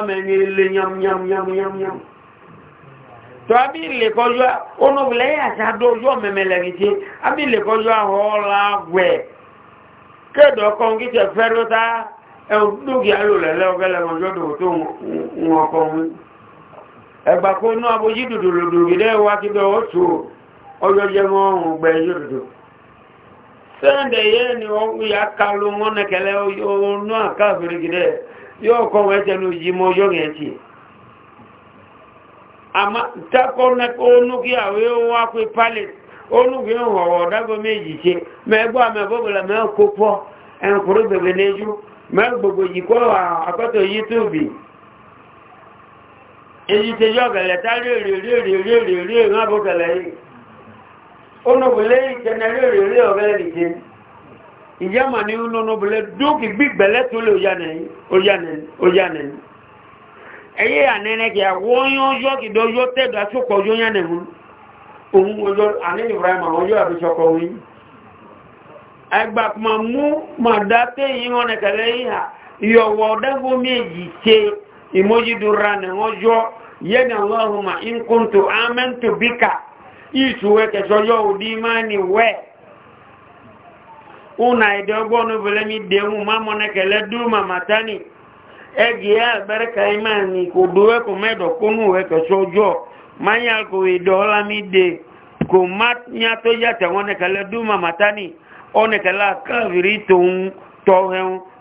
ẹgbà kó náà bó yí dùdù lòdù gidẹ́ wá kí bẹ́ ó ọjọ́ jẹ́ mọ́ ọ̀hún gbẹ dùdù ni wọ́n ya kalu wọn nẹkẹlẹ ọ̀nà àkáàfin gidẹ́ yóò kọ́ wọn wá pé méjì ṣe mẹ́gbọ́ pọ́ ẹnkùrú bèbè lẹ́jú àkọ́tọ̀ èyí tẹ yọ gẹ̀lẹ̀ tá rèrè rèrè rèrè rèrè rán bó gẹ̀lẹ̀ yìí ó nùbùlẹ̀ ìkẹnẹ rèrè rèrè ọ̀gẹ́lẹ̀ nìkẹ́ ìyáma ni ó nùbùlẹ̀ dókì gbígbẹ̀lẹ̀ tó lè oyanẹ̀ni ẹyẹ ànẹ́nẹ́ kí àwọ́yán yọ́ kì dọ́yọ́ tẹ́gbà tó kọ yóò yánẹ̀ mú òun ọjọ́ àníyàn ibrahim àwọn yóò àbíṣọkọ wí ẹgbà ma mú ma dá imoji duran ngojo yen allahumma in kuntu amantu bika ituweke jojo udimani we una idogo no vile mi demu mama na kele du mama tani egia baraka imani kudue kumedo kunu weke jojo manya ko idola mi de kumat nyato e ya tengone kele du mama tani one kala kavirito tohen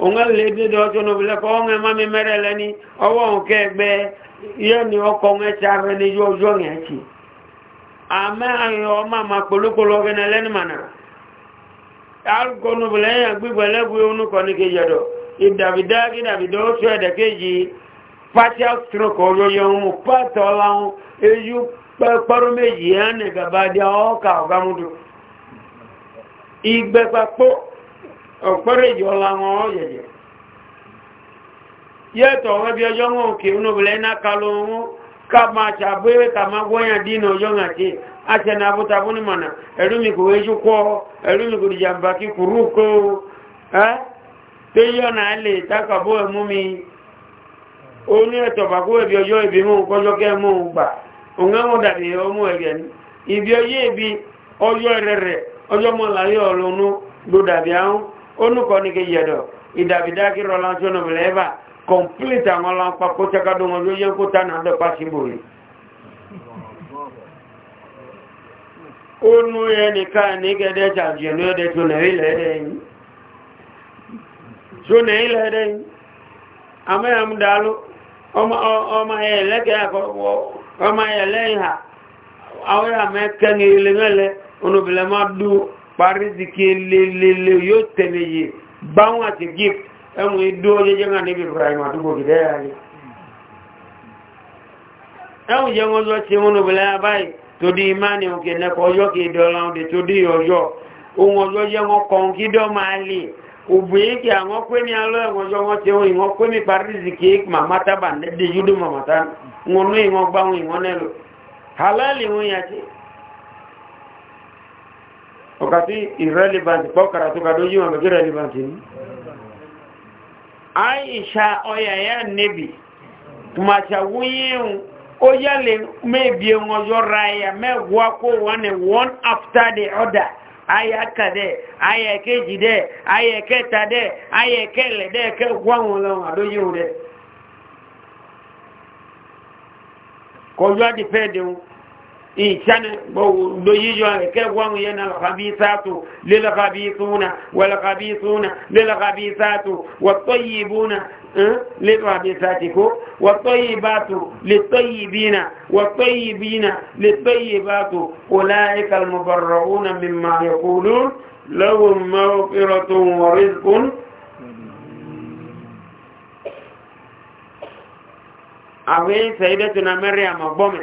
òun lè dédé ọjọ́ ní òbílẹ̀ kọ́ ọ́n ẹ̀má mi mẹ́rẹ̀ lẹ́ni ọwọ́ òun kẹgbẹ́ yẹ́ ni ọkọ̀ ọ̀hún ẹ̀ṣẹ́ ààrẹ ní yọ ọjọ́ yẹn ti àmẹ́ ayọ̀ ọmọ àmà pòlókòló ọ̀gẹ́nà lẹ́nu mànà alùpùpù òbílẹ̀ yẹn gbígbẹ́ ọ̀pẹ́rẹ́ ìjọ la wọn ọ̀yẹ̀yẹ̀ yẹ́tọ̀ wọ́n bí ọjọ́ wọn òkè onóbìnrin iná kalu wọn ká máa ṣàbúrẹ́ ká máa gbọ́yàn dínà ọjọ́ àti àṣẹ̀nà abútabú ní mọ̀nà ẹ̀rú mi kò wéjú kọ́ ẹ̀rú mi kò di jàǹbá kí kúrú kó ẹ́ tó yọ̀nà lè takàbó ẹ̀mú mi ó ní ẹ̀tọ̀ bàkú ẹ̀bí ọjọ́ ìbí ọ̀lọ́nú ló dàbí ahùn onukɔ ni ke yɛ dɔ idabidaki rɔ lan tsono bɛlɛ eva complete aŋɔ lan kpa ko tsaka do ŋɔ do yɛ ko ta na do kpa onu yɛ nika ni ke de tsa viɛ no yɛ de tso na yi lɛ de yi tso na yi lɛ de yi ame ya mu da alo ɔma ɔma yɛ lɛ kɛ akɔ wɔ ɔma yɛ lɛ yi ha awo yɛ amɛ kɛŋɛ yi lɛ ŋɛ lɛ onu ma do pariziki lelele yóò tẹ̀lé yìí báwọn àti gift ẹmù idó yẹjẹ́ náà níbi ibrahim àdúgbò gìdẹ́ ayé ẹmù jẹ́ wọ́n lọ sí wọn obìnrin abáyì tó di imáni òkè nẹ́kọ̀ ọjọ́ kì í dọ́la òde tó di ọjọ́ ohun ọjọ́ yẹ wọn kàn kí dọ́ máa lè òbúyé kí àwọn pé ní alọ́ ẹ̀wọ̀n ọjọ́ wọn ti wọn ìwọ̀n pé ní pariziki màmá tábà nẹ́dẹ̀ yúdú màmá tá wọn ní ìwọ̀n gbáwọn ìwọ̀n nẹ́lò halali wọn yàtí wakati irrelevant kwa karatu kadoji wa mbeki relevant ni aisha oya oh ya nebi tumachawuye oyale mebie ngojo raya mewa ko wane one after the other aya kade aya keji de aya keta de aya kele de ke gwanwon lo adoji ure kojo adipede un إيشان بيجوا كيفهم ين الخبيثات للخبيثون والخبيثون للخبيثات والطيبون للخبيثات والطيبات للطيبين والطيبين للطيبات أولئك المبرعون مما يقولون لهم مغفرة ورزق أوين سيدتنا مريم بومن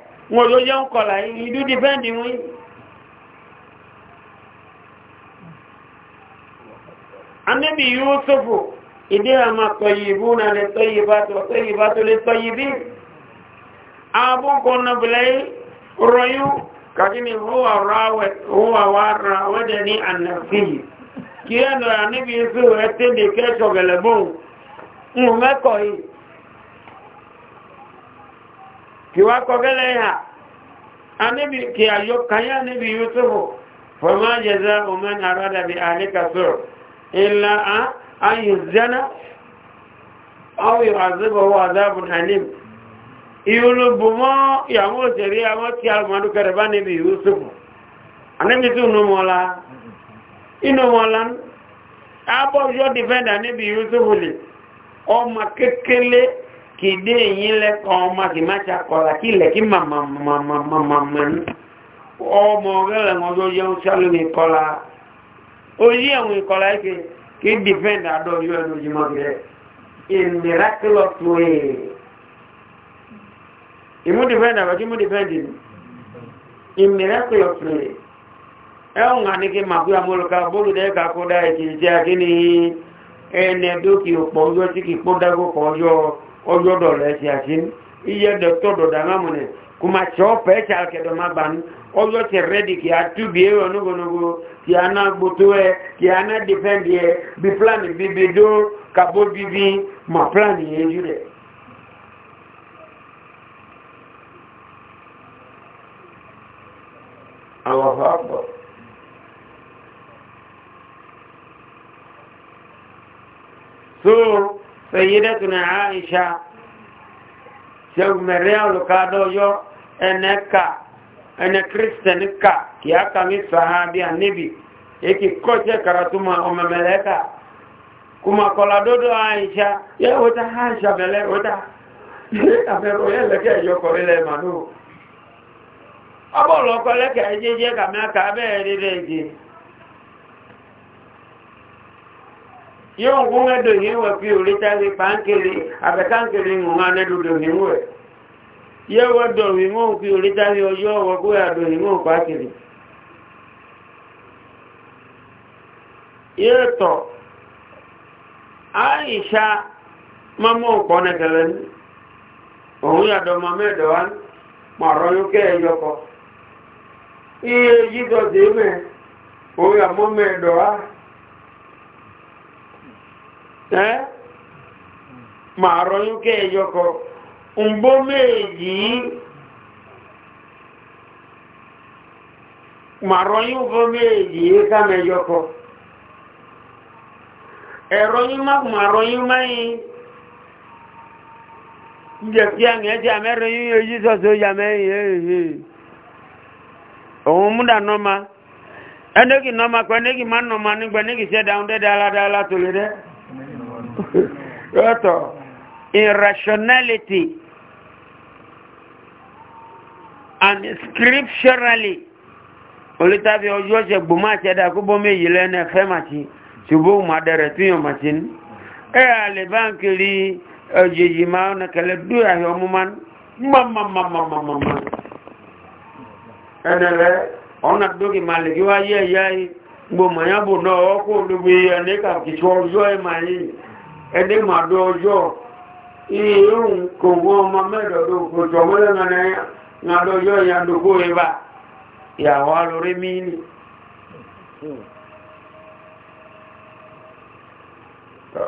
wọn ló yẹ ń kọlà ìdú dìbẹ́ǹdì wọn anẹ́bì yóò sófò ìdí àmà tọ̀yìbú na lè tọ̀yìbá tó tọ̀yìbá tó lè tọ̀yìbí abúkọ nàbìlẹ̀ rọyú kàkínì húwà ráwẹ́dẹ̀ ní ànàfíì kí ẹnu anẹ́bì yóò sófò ẹ kiwa kogele ya anibi ki ayo kaya nibi yusufu fama jaza man arada bi ahlika sur illa a an yuzana aw yu'azibahu adhabun alim iyulu bumo ya mo seri ya mo ti almadu karba nibi kìdé yìí lẹ́kọ̀ọ́ ọmọ kì má ṣàkọ̀ọ́lá kí ilẹ̀ kí ma ní ọmọ rẹ̀lẹ̀ wọn tó yẹun sálómi kọ́lá orí ẹ̀wọ̀n ìkọ́lá ike kí dìfẹ́ǹdì àdó yóò ẹnu ojúmọ́ rẹ̀ ìnira kílọ̀ tó e ìmú dìfẹ́ǹdì àbájú mú dìfẹ́ǹdì ìnira tó e kí bólú dá òpó tí kì ojodo leti akin iye de todo dana mune kuma chope cha kedo maban ojo te ready ki atu bi ewo nugo nugo ki ana butuwe ki ana defend ye bi plan bi bi do kabo bi bi ma plan ye jure Allah Akbar so sayyidatuna aisha sẹwùmẹ̀rẹ́ olùkádọ́yọ́ ẹnẹ́ka ẹnẹ kírísítẹ̀nìkà kì á kàmí sàhábí àníbì èkì kọ́ṣẹ́ karatuma ọmọmẹ̀lẹ́ka kuma kọla dodo aisha yẹ wọ́ta aisha mẹ́lẹ́ wọ́ta àfẹ́rọ yẹ lẹ́kẹ́ ẹ̀yọ́ kọ̀rílẹ̀ mànú ọbọ̀lọ́kọ́ lẹ́kẹ́ ẹjẹ́jẹ́ kàmí àkàbẹ́ẹ̀rẹ́ yóò kún ẹ̀dọ̀ yìí wọ̀ fi òrítà ní pàǹkìrì àbẹ̀kàǹkìrì ìwọ̀n anẹ́dọ̀dọ̀ ìwọ̀n ẹ̀ yóò wọ́ dọ̀ ìwọ̀n fi òrítà ní ọjọ́ ọwọ́ kó àdọ̀ ìwọ̀n pàǹkìrì yóò tọ̀ àìṣà mọ́mọ́ ọ̀pọ̀ nẹ́tẹ̀lẹ́ ní òun yàdọ̀ mọ́mẹ́ẹ̀dọ̀ wá pààrọ̀ yókè ẹ̀yọkọ̀ iye yídọ̀ dé mẹ́ òun yà mọ́mẹ́ẹ̀dọ̀ wá ẹ́ máa rọyún kẹ́ ẹ̀yọkọ̀ ǹgbó méjì máa rọyún fún méjì ká mẹ́yọkọ̀ ẹ̀rọyún má máa rọyún mẹ́yìn jẹ́ kí àwọn ẹ̀jẹ̀ amẹ́rọyún yóò yí sọ́sọ́ yà mẹ́yìn ẹ̀yẹ̀ òun múdà náà máa ẹnẹ́gì náà máa pẹ́ ẹnẹ́gì má náà máa nígbà ẹnẹ́gì sẹ́dáhùn dẹ́dẹ́ Roto, irrationality and scripturally. Olítàbí ọjọ́ ṣe gbòmá àti ẹ̀dà kúbọ́ méjì lẹ́nu ẹ̀fẹ́ màtí, ṣùgbọ́n mà dẹ̀rẹ̀ tún yàn màtí ní. Ẹ àlè báńkì rí ọjọ́jì máa ń kẹlẹ̀ dúrà yọ mú máa ń mọ́mọ́mọ́mọ́mọ́mọ́. Ẹnẹ̀ rẹ̀ ọ̀nà dókì máa lè kí wáyé ẹ̀yá gbòmọ̀ yábò náà ọkọ̀ olùgbé ẹ̀ ẹdí màdó ọjọ́ ìhùn kò wọ́n ọmọ mẹ́dọ̀dọ̀ òkòtò ọmọdé nàdó ọjọ́ ìyàdógó ìbá ìyàwó alórí mílì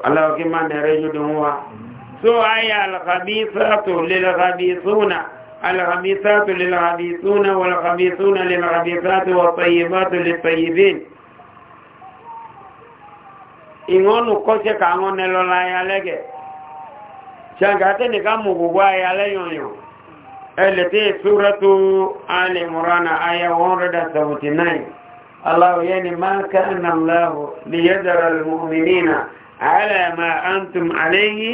aláwọ̀kí máa nẹ̀rẹ́ yóò dùn wá tó ayé alàkàbí sátò lélàkàbí súnà alàkàbí sátò lélàkàbí súnà wàlàkàbí súnà lélàkàbí sátò wà ìwọ́nù kọ́ṣẹ́ ka àwọn nẹlọ́la ayalẹ́gẹ̀ ṣàǹkàtẹ́ nìkan mọ̀ gbogbo ayalẹ́yọ̀nyọ̀ ẹlẹ́tẹ́ ìṣúrẹ́tò alìmọ̀ránà ayẹ 179 aláwòyẹ́ ni máa kánà láwò lè yẹ́dàrà lùmọ̀mìnà alẹ́mà antum aléyí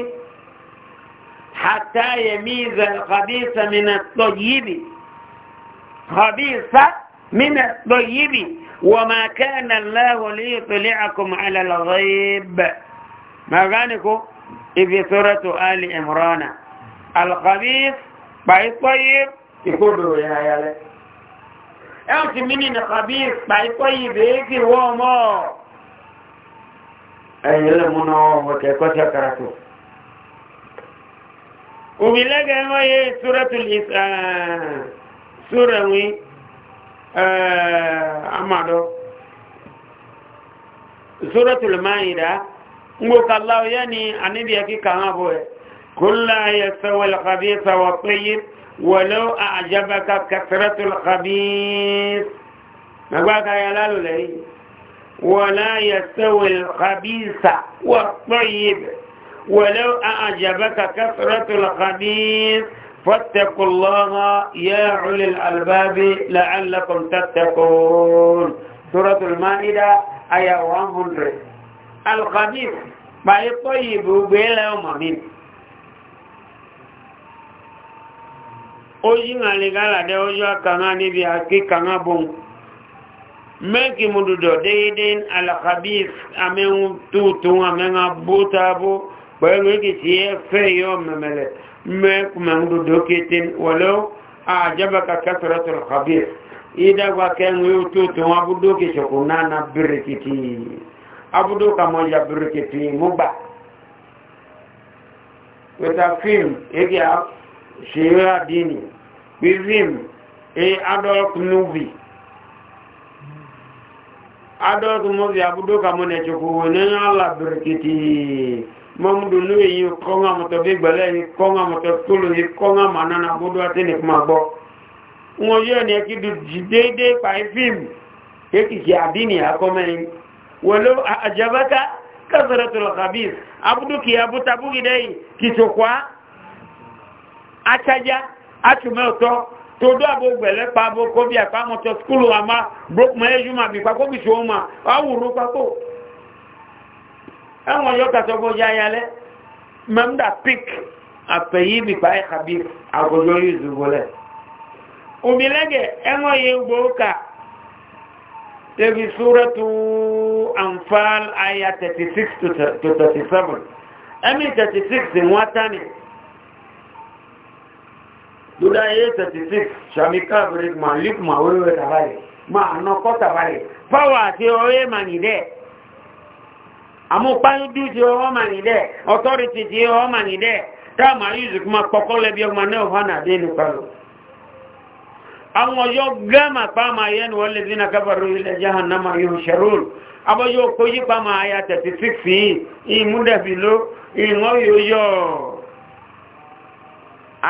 hàtà yẹmíza kàbíṣà mìnà tọ́yìbì وما كان الله ليطلعكم على الغيب ما غانكو في سورة آل عمران القبيس باي طيب يقولوا يا يا أنت منين القبيس باي طيب هيك هو ما أي لمنو وكيكو شكرته ما هي سورة الإسلام سورة وي Eh, amado suratul maida ngoka allah yani anibi hakika hapo kullu yasawa al-khabitha wa tayyib walau a'jabaka kathratul khabith magbaka yalalu lai wala yasawa al wa tayyib walau a'jabaka kathratul khabith فاتقوا الله يا أولي الألباب لعلكم تتقون سورة المائدة آية 100 الخبيث ما يطيب بلا مؤمن oji nga ligala de ojo akanga nibi akika nga bung meki mududo deiden ala khabith amengu tutu amenga buta bu pẹ̀lú ìkìtì ẹfẹ́ yọ mẹ́mẹ́lẹ̀ mẹ́ kùmẹ̀húndù dókétín wọ́lọ́ àjábàkà kẹsàrẹ́tọ̀rọ̀ kàbí ìdàgbà kẹ́hùn yóò tó tó wọn abúdó kìsọ̀kù náà na bírìkìtì abúdó kàmọ́ ya bírìkìtì múgbà wẹ́ta fíìm ẹgbẹ́ ṣeré àdínì bí fíìm ẹ adult movie adult movie abúdó kàmọ́ nẹ̀ṣọ̀kù wọ́n ní mọ́múdù ní èyí kọ́ngá mọ̀tọ̀ fi gbẹ̀lẹ́ ní kọ́ngá mọ̀tọ̀ tóòlù ní kọ́ngá mànánà gbọ́dọ̀ àti ní kùmà gbọ́ wọ́n yóò ní ẹkí dùdù déédé pàì fíìmù kékìkì àdínì àkọ́mẹ́rin wọ́lọ́ àjẹ́bẹ́ká kẹsọ̀rọ̀ tó lọ kàbí abúdókì abútabúgidẹ́ kìtòkwá àtsájá àtúmẹ́ọ̀tọ́ todo abo gbẹlẹ pa abo kobi àpamọtọ skulu ama brokumẹ ẹjú ma bí kpakó bìtú wọn ma awùrú kpakó àwọn yóò kàtọ́ bó yá yálẹ́ mẹ́mdà pík àpẹ̀yí bìpá ẹ̀ka bí àgọ́jọ́ yóò zùgbọ́ lẹ̀ omi lẹ́gẹ̀ ẹ̀wọ̀n yẹ gbòó kà tẹ̀bi súrẹ́tù ànfàl àyà 36 to 37 ẹ̀mí 36 wọ́n tánì dúdá yẹ 36 sàmìkà bèrè màlíkù màwéwé tàbáyé màá nọkọ́ tàbáyé fáwọn àti ọ̀rẹ́ mànìdẹ́ẹ̀ amúpáyúdú ti ọwọ́ mà nílẹ̀ ọ̀tọ́rìtì ti ọwọ́ mà nílẹ̀ táàmù ayúzù kuma kọ́kọ́ lẹ́bí ọmọ náà wà náà dé nípa lọ. àwọn ọjọ́ gáàmà pàmò ayé ni wọ́n lè dín náà kábàrò ilẹ̀ jahannama yóò ṣẹ̀rọ̀lù abọ́jọ́ kojú pàmò ayé àtẹ̀tí fífi ìmúdàbí ló ìwọ́n yóò yọ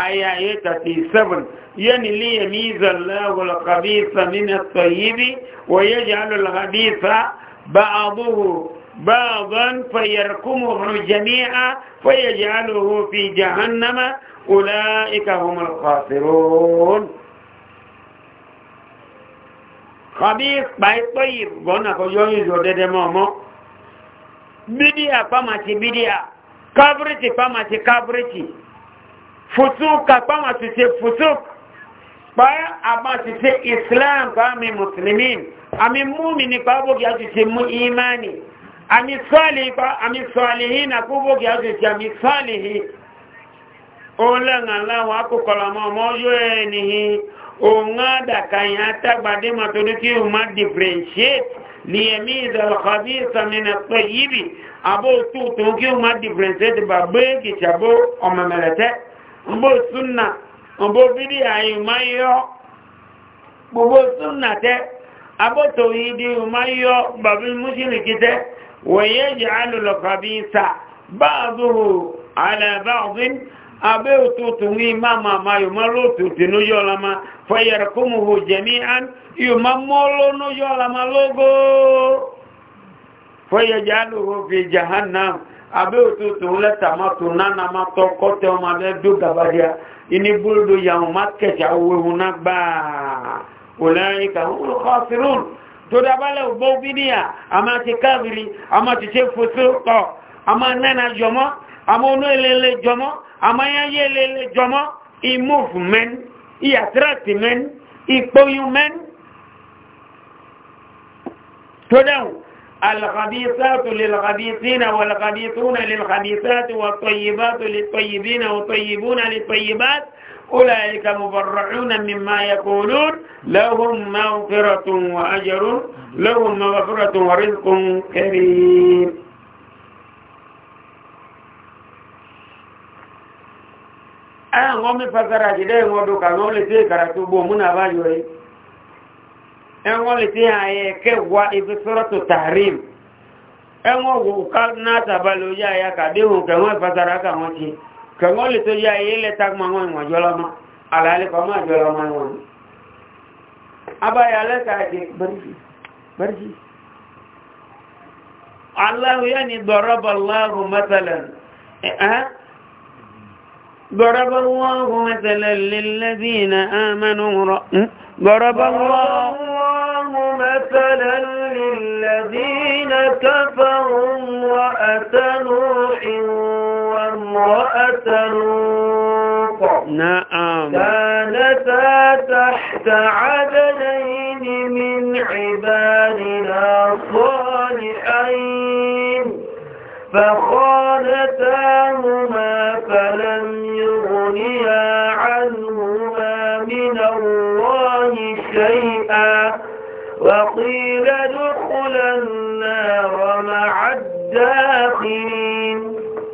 ayé ayé tàbí sẹ́fún yẹn ni lè mí zàlẹ́ wọlọ́kàbí sàmínà sọ̀yí bí wọ́n yẹ jẹ́ alọ́lọ́kàbí sá bá àbúrò بعضا فيركمه جميعا فيجعله في جهنم أولئك هم الخاسرون خبيث باي طيب بنا كجوي زودة ماما بديا فماتي بديا كابرتي فماتي كابرتي فسوق فماتي فسوق باي أماتي إسلام فامي مسلمين أمي مؤمن فابوك يأتي إيماني amiswali kwa amiswalihi na kubo kiasi cha miswalihi ola ngala wako kolama moyo enihi ma kanyata ki o ma differentiate liyemiza alkhabisa min atayibi abo tu o ma differentiate babe kichabo omemelete mbo sunna mbo bidi ayimayo gbogbo sunna te abo tawhidi umayo babil mushriki te ويجعل الخبيث بعضه على بعض أبو توتمي ماما ما يملو توتنو يولما فيركمه جميعا يممولو نيولما لوغو فيجعله في جهنم أبو توتم لتماتنا نما توقوت وما لدو دباديا إني بلدو يومات كشعوه هناك با أولئك هم الخاسرون torí abálẹ̀ ògbó bídíà àmà ti káàbìrì àmà ti ṣe fòsókọ̀ àmà nẹ́nà jọmọ́ àmà onú elele jọmọ́ àmà yáyé elele jọmọ́ imove men iyatrati men ipoyun men torí àwọn الخبيثات للخبيثين والخبيثون للخبيثات والطيبات للطيبين والطيبون للطيبات أولئك مبرعون مما يقولون لهم مغفرة وأجر لهم مغفرة ورزق كريم àwọn mi fasara jìdẹ́ ìwọ̀n dùkà wọ́n lè tí ìkàrà tó gbò múnà bá yọ rí ẹwọ́n lè tí ààyẹ kẹwàá ibi sọ́rọ̀ tó tààrim ẹwọ́n wò ká náà tàbà lóyá àyàkà déhùn kẹwọ́n fasara kà wọ́n ti kẹ̀ngọ́ lè tó yá ayé lẹ́ta gbọ́nwọ́n ìwọ̀n jọlọ́mọ́ àlàálẹ́ kọ́mọ́ àjọlọ́mọ́ ìwọ̀n abáyà lẹ́ta àjẹ́ bẹ́rẹ̀fì bẹ́rẹ̀fì aláwòyá ni gbọ́rọ̀bọ̀láhùn mẹ́tẹ̀lẹ̀ gbọ́rọ̀bọ̀láhùn mẹ́tẹ̀lẹ̀ lẹ́lẹ́bìnà ámẹ́nu rọ̀ gbọ́rọ̀bọ̀láhùn mẹ́tẹ̀lẹ̀ lẹ́lẹ́bìnà kẹfẹ́ امرأة لوط نعم كانتا تحت عبدين من عبادنا صالحين فخانتاهما فلم يغنيا عنهما من الله شيئا وقيل ادخلا النار مع الداخلين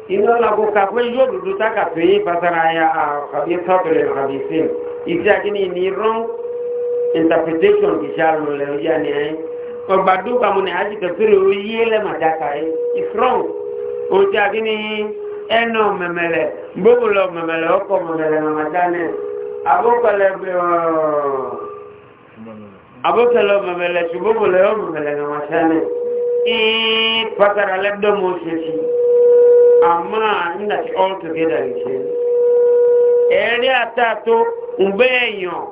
iná lago kàpé yóò dúdú tákà pé fasara ya àkàbíyèsọ́bẹ̀rẹ̀ àbísìn ìsí àkíní ní wrong interpretation kì í ṣàlù lẹ̀ ó yá ni ẹ́ ọgbà dúkà mu ní àjìkẹ́ fẹ́rẹ̀ ó yé lẹ́màdàkà ẹ́ it's wrong ó ti àkíní ẹnà mẹ̀mẹ̀lẹ̀ gbogbo lọ mẹ̀mẹ̀lẹ̀ ọkọ̀ mẹ̀mẹ̀lẹ̀ màmàdá náà abókọ̀lẹ̀ bẹ̀ ọ́ abókọ̀lẹ̀ mẹ̀mẹ̀lẹ̀ ṣùgbọ́n gbogbo lọ mẹ̀mẹ̀lẹ̀ màmàdá náà amma inda shi all together ke ẹ̀rí àtàtò ǹgbẹ́ èèyàn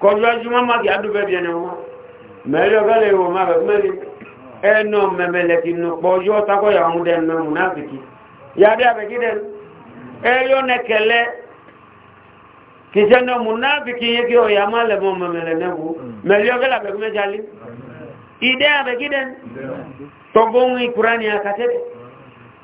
kọjú ajúmọ́ má kí adúgbẹ́ bí ẹni wọn mẹ́rin ọ̀gá lè wọ̀ má bẹ̀rẹ̀ mẹ́rin ẹnu mẹ́mẹ́lẹ̀ kì nù pọ̀ ojú ọ̀takọ̀yà ọ̀hún dẹnu múnáfìkì yàdé àbẹ̀kí dẹnu ẹ̀yọ́ nẹkẹlẹ́ kìsẹ́nu múnáfìkì yẹ kí ọ̀yà má lẹ̀ mọ́ mẹ́mẹ́lẹ̀ nẹ́wọ̀ mẹ́rin ọ̀gá làbẹ̀kí ni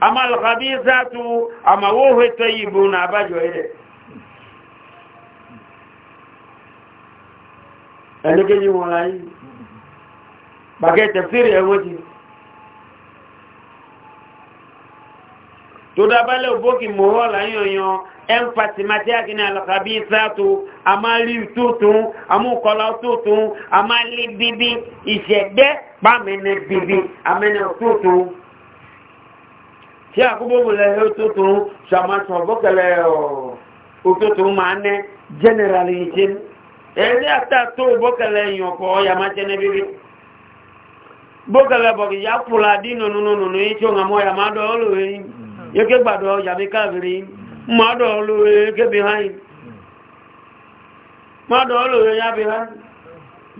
ama alkhabithatu ama wohwe tayibuna abajo ile ẹnikẹ́ni wọn láyé bàkẹ́ tẹ̀fẹ́rẹ̀ ẹ̀wọ́n ti tó dábálẹ̀ òbókì mọ́wọ́ láyọ̀yàn ẹnfàtí mati akínà alkhabithatu ama lè tótún amúkọlá tótún ama lè bíbí ìṣẹ̀gbẹ́ pàmẹ́nẹ bíbí amẹ́nẹ tótún tí àkúgbòbò lẹ́yìn òtútù ṣàmàtàn ọ̀bọ́kẹ̀lẹ̀ òtútù máa ń ní generalization ẹni àtàtò bọ́kẹ̀lẹ̀ ìyànkọ̀ ọ̀yàmájẹ́ ní bíbí bọ́kẹ̀lẹ̀ bọ̀kì ya nínú yàmí káàkiri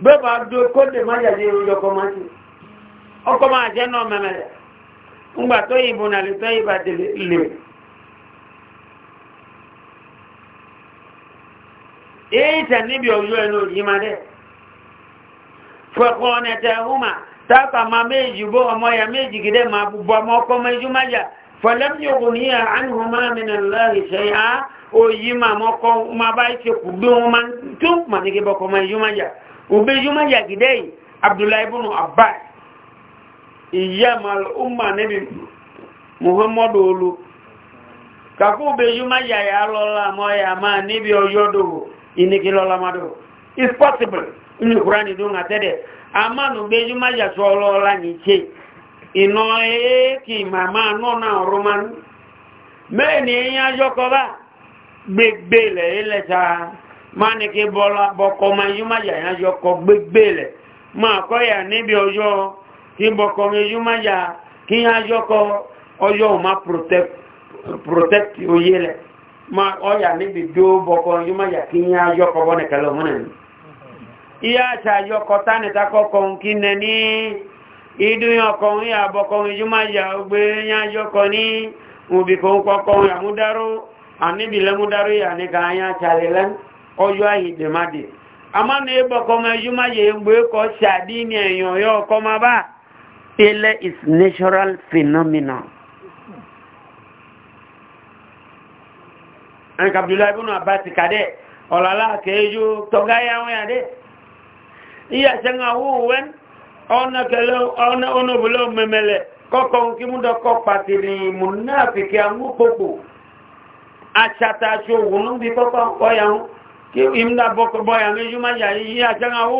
bí bá dó kóde má ti ọkọ náà ńgbà tó yìnbó náà lè tọ́ ìbà lè èyí tẹ̀ níbi ọ̀yọ́ ẹnu òjì máa dẹ̀ fọ̀kọ̀ ọ̀nà tẹ̀ húmà tápà máa méjì bó ọmọ ya méjì gidẹ́ máa bùbọ̀ ọmọ ọkọ̀ méjì májà fọ̀lẹ́mìyàwó ní àánú máa mìíràn láàrín ṣe á òyì máa mọ́kọ́ máa bá ṣe iyamal umma nebi muhammad olu kaku be yuma yaya lola moya ma nebi oyodo iniki lola madu it's possible in quran you don't attend it amanu be yuma ya lola niche ino eki mama no na roman meni ya jokoba gbegbele ilecha mani ki bola boko ma yuma ya jokoba gbegbele ma koya nebi oyodo kí bọ̀kọ̀ mi yú má yá kí á ọyọ́ ma protect oyé rẹ̀ ma ọyà níbi dó bọ̀kọ̀ yú kí á yọ́kọ́ bọ́ nìkẹ́lẹ̀ ọmọ nìyí ìyá àṣà yọ́kọ́ tánìta kí nẹ ní ìdúyànkọ́ ìyá yú gbé ní òbíkọ́ kọ́kọ́ yàmúdáró yà ní ká yá ọyọ́ àmọ́ ní yẹ gbé kọ́ ṣàdí ní ẹ̀yàn ọkọ́ failure is natural phenomena. ẹn kàbdùlá ibùnú àbáti kàdẹ́ ọ̀làlá kẹjú tọ́gá yáwọn yàdé ìyàṣẹ́ ń àwọ̀ òwẹ́n ọ̀nàbùlẹ̀ mẹ́mẹ́lẹ̀ kọ́kọ́ kí mú dọ́kọ́ pàtìrì mú náà fi kí àwọn òpópò aṣàtàṣò òwúnú bí kọ́kọ́ ọ̀yàwó kí ìmúdàbọ̀kọ̀ bọ̀yàwó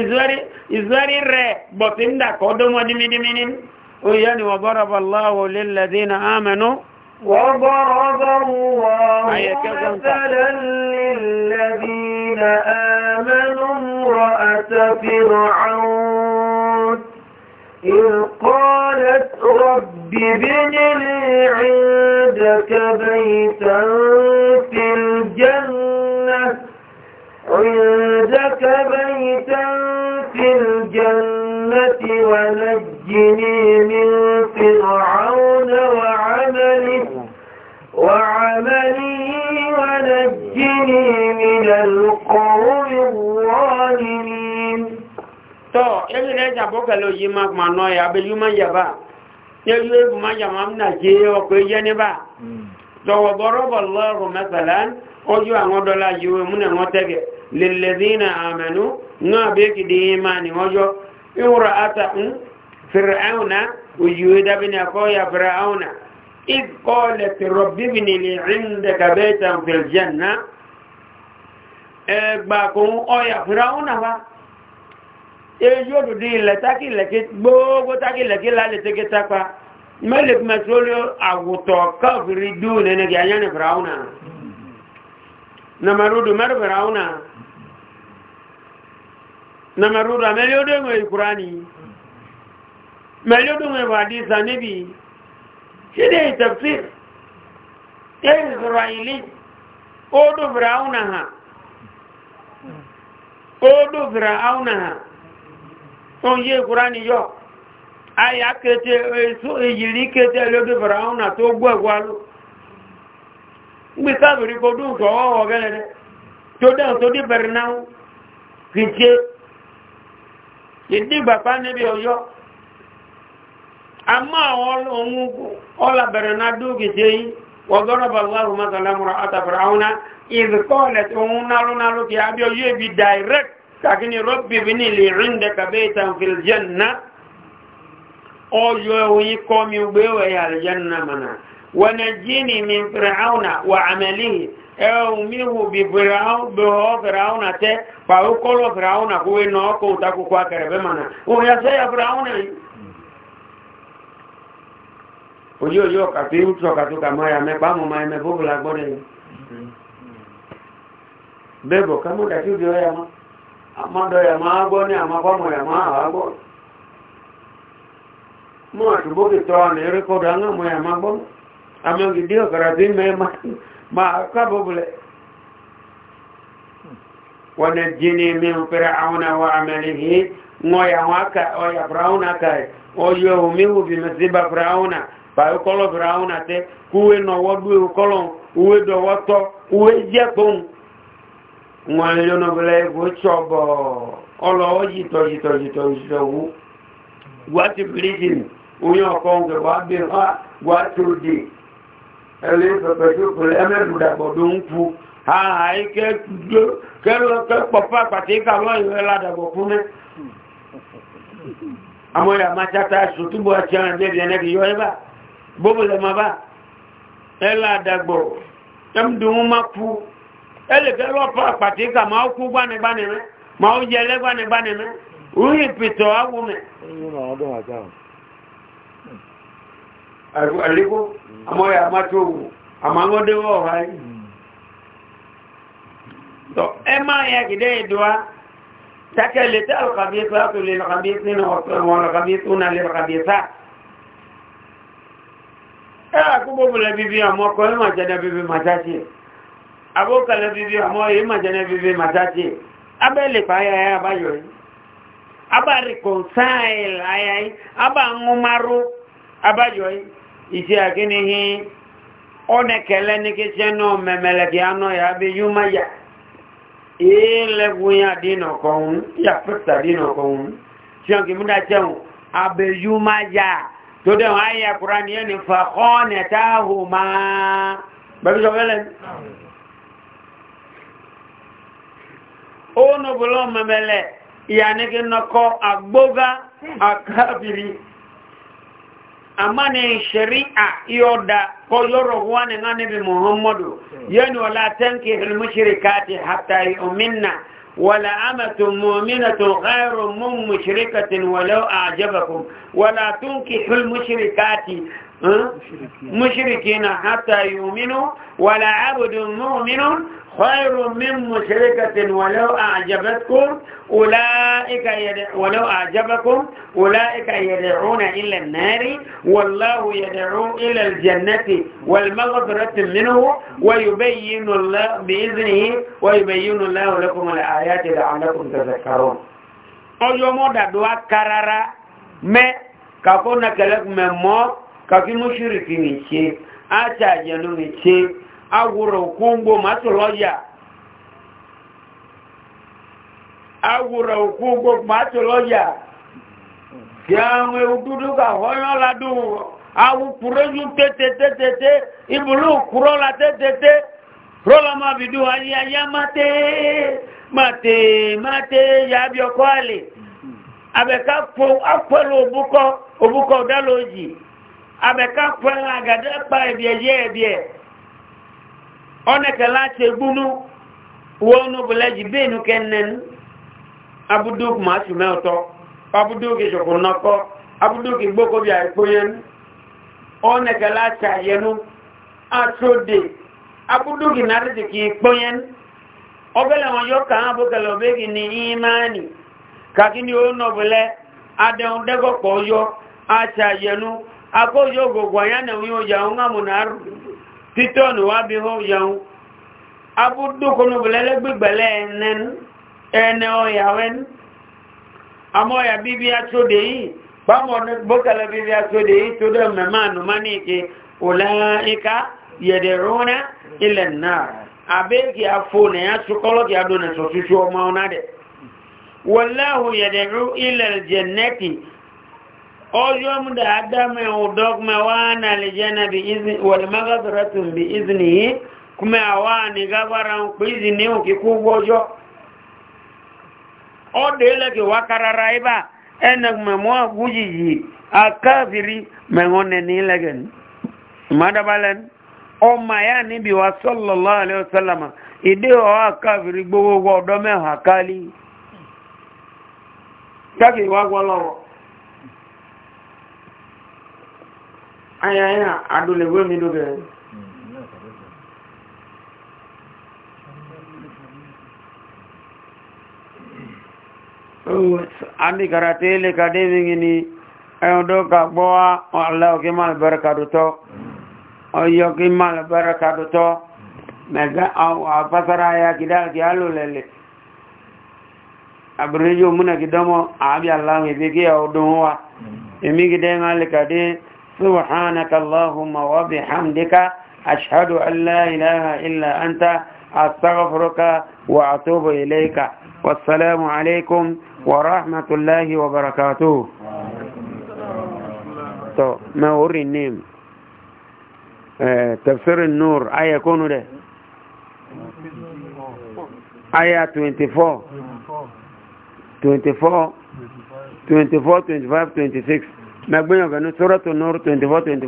ìzọ́rí rẹ̀ bọ̀tí ń dàkọ́ dọ́mọ́ dímídímí ní ó yẹ́ ni wọ́n bọ́rọ̀ bọ̀ láwọ̀ lélẹ̀dí na ámẹ́nu وضرب الله مثلا للذين آمنوا امرأة فرعون إذ قالت رب ابن لي عندك بيتا في الجنة عندك بيتا في الجنة ونجني من فرعون وعمله وعملي ونجني من القوم الظالمين tọ́ ẹgbẹ̀rẹ̀ ìjàbọ́kẹ̀lẹ̀ òyí máa ma náà ya abẹ́ yíò máa yà bá yẹ́lú ẹgbù máa yà máa nà jẹ́ ọkọ̀ yẹ́ ní bá tọ́wọ̀ hmm. bọ́rọ̀bọ̀ lọ́rùn mẹ́sàlá ojú àwọn dọ́lá yíò múnẹ̀ wọ́n tẹ́gẹ̀ẹ́ lèlèdínà àmànú náà bí kì dí ìmá ni ọjọ́ ìwúra ata ń fìràáùnà òyìí dábìnà kọ́yà fìràáùnà ìkọlẹ̀ tìrọ̀ bíbìnì lè rìn dẹ̀kàbẹ́ta fìrìjánná ẹgbà kún ọyà fìràáùnà bá èyí òdòdó ilẹ̀ tákìlẹ̀kí gbogbo tákìlẹ̀kí lálẹ́ tẹ́kẹ́ tápa mẹ́lẹ̀ fún ẹ̀sùn olóò àwùtọ̀ káàfìrí na maruda meliodo ngwe Qur'ani meliodo ngwe hadith nabi shida tafsir ya Israili odo brauna ha odo brauna ha onye Qur'ani yo aya kete eso ejiri kete lodo brauna to gwegwalu gbisa biri ko dun so owo gele to ìdígbàpá níbi ọ̀yọ́ àmọ́ àwọn ohun ọlábẹ̀rẹ̀ náà dúkì tí yí wọ́gọ́rọ̀bà láàrùn mọ́sàlámùra àtàfàrà àwọn ìzìkọ́ọ̀lẹ̀ tí ohun nálúnálú kí a bí ọyọ́ ibi direct kàkíní rọ́bì bí ní lè rí ndẹ kàbẹ́ ìtànfìlìjẹ́nà ọyọ́ oyin kọ́ mi gbé wẹ̀yà àlìjẹ́nà mọ̀nà wọ́n jí ni mi fìrẹ̀ àwọn wà àmẹ́lì ẹ̀hùn míhù bí fìràún àtẹ́ pàwó kọ́lọ̀ fìràún àkúwé náà kò takùkù akẹrẹ̀bẹ́ mànà òun yà sẹ́yà fìràún èyí ojú ojú ọ̀kàtí ìrútù ọ̀kàtí kàmáyà mẹ́pàá mọ̀ máa ẹmẹ́ fóbùlà gbọ́dẹ̀ bẹ́bọ̀ kámọ́dà tí ó di ọyà máa àmọ́dọ̀ yà máa gbọ́ ní àmọ́kọ́mọ̀ yà máa àwágbọ́ mọ́ àtúbókè tọ́ àmì rékọ́dọ̀ aláàmọ́ yà gbọ́ ما أقبب لي ونجني من فرعون وعمله ويهواك ويفرعونك ويهمه بمسيب فرعون فيقول فرعون كوي نوضو يقولون uwe dọwọtọ uwe jẹkun wọn wu ẹ̀lẹ́ pẹ̀pẹ̀kúrẹ́ ẹmẹ́dùdàgbọ̀dọ̀ ń kú àìkẹ́ pọ̀pá pàtí ìkàlọ́ ìwẹ́ ládàgbọ̀ fún ní àmọ́lẹ̀ àmájáta ṣòtúbọ̀ àti àwọn ẹgbẹ̀rẹ̀ ẹnẹ́gbẹ̀ yọ ẹbà bóbulẹ̀ ma bá ẹládàgbọ̀ ẹmdùn má kú ẹlẹ́fẹ́ lọ́pọ̀ pàtí ìkà máa kú gbánigbánimẹ́ máa jẹ ẹlẹ́gbánigbánimẹ́ àríkó àmọ́yà àmátòwò àmàmọ́déwọ́ ọ̀há tọ́ ẹ máa yà gìdẹ́ ìdúwá tákẹ́lẹ̀ tí alùkàbíyèsá tó lè lọ́kàbíyèsí ní ọ̀tọ̀wọ̀n lọ́kàbíyèsí ó nà lè lọ́kàbíyèsá ẹ àkúgbò bùlẹ̀ bíbí àmọ́ kọ́ ẹ màjẹ́nà bíbí màjáṣe àbókalẹ̀ bíbí àmọ́ ẹ màjẹ́nà bíbí màjáṣe abẹ́lẹ̀ fàáyà ẹ àbáyọ̀ yìí abá reconcile ayáyí abá ń mú márú àbáyọ̀ yìí isi akinihi one kele nikise no memeleki anọ ya bi yuma ya ile gunya dino kon ya pesta dino kon tiyan ki muda yuma ya ọ ya akabiri amane sharia yoda ko yoro wane ngane bi muhammadu hmm. yani wala tanki al mushrikati hatta yu'minna wala amatu mu'minatu ghayru mum mushrikatin walau a'jabakum wala tunki al mushrikati مشركين حتى يؤمنوا ولا عبد مؤمن خير من مشركة ولو أعجبتكم أولئك يدع... ولو أعجبكم أولئك يدعون إلى النار والله يدعو إلى الجنة والمغفرة منه ويبين الله بإذنه ويبين الله لكم الآيات لعلكم تذكرون أجمع دعوة كرارة ما كفونا كلكم ممو kàkí mọ́ṣúrìkì ní ṣe átàjẹ̀nú ní ṣe awòrò òkúngbò mátòlọ́yà awòrò òkúngbò mátòlọ́yà tí àwọn eudúdú kà họ́yán ládùn tẹ́tẹ́tẹ́tẹ́ ìbúlú kúrọ́ tẹ́tẹ́tẹ́ rọ́lá bìdú ayé ayá máté máté ọkọ́ àlè abeka kwela agada kpa ebieje ebie onekela chegbunu wonu ji benu kennen abuduk ma chume oto abuduk isokunoko abuduk igboko bi aipoyen onekela chayenu atode abuduk inariziki ipoyen obele wọn yóò kàn án bókẹlẹ òbégi ní ìmáàni kàkí ni ó nọ̀bùlẹ̀ adẹ̀hùndẹ́gọ̀pọ̀ yọ àṣàyẹnu akójọ gbogbo àyánà wíwọ jàun àmùnàárù títọ́nù wá bí wọ́n jàun abúdókòónú bẹ̀lẹ́lẹ́gbẹ̀gbẹ̀lẹ́ ẹ̀nẹ́ ọ̀yàwẹ́n àmọ́ ọ̀yà bíbí atóde yìí bámọ̀ bókẹ̀lẹ̀ bíbí atóde yìí tó dẹ̀ mẹ́mánu mánìkì ọ̀làíká yẹ̀dẹ̀rúnà ilẹ̀ náà àbẹ́kì afọ́nà yà tukọ́lọ́kì adónà sọ̀tútù ọmọ ọ̀nà dẹ̀ wọ́láhù yẹ̀dẹ̀rú ilẹ̀ jẹ̀nẹ́tì ọjọ́ mú dáadáa mẹ́ ọ̀dọ́gbẹ́ wá na lè jẹ́ na bí izni wọ̀dẹ̀ magazara tún izni kuma àwa ni gábára ń pè izni òkè kú gbọ́jọ́ ọdẹ lẹ́kẹ̀ wá karara ibà ẹnà mẹ́mọ́ àgújì yìí akáfìrí mẹ́wọ́n nẹni lẹ́gẹ̀ ní madabalẹ́n ọmọ ya níbi wa sallallahu alaihi wasallam ìdí ọ̀ akáfìrí gbogbo ọdọ́ mẹ́hàn kálí Jákè wá lọ́wọ́. ayaya adúlẹ̀wé mi ló bẹ̀rẹ̀ andi karate le kade mingini ayo do ka boa Allah ke mal barakatu to ayo ke mal barakatu to mega au afasara ya kidal ki alu lele abrejo muna kidomo abi Allah me beke au do wa emi kidai mal kade سبحانك اللهم وبحمدك أشهد أن لا إله إلا أنت أستغفرك وأتوب إليك والسلام عليكم ورحمة الله وبركاته تو ما أوري النيم تفسير النور آية كونو ده آية 24 24 24 25 26 magbanyan ganu tsoratun nuru 24-25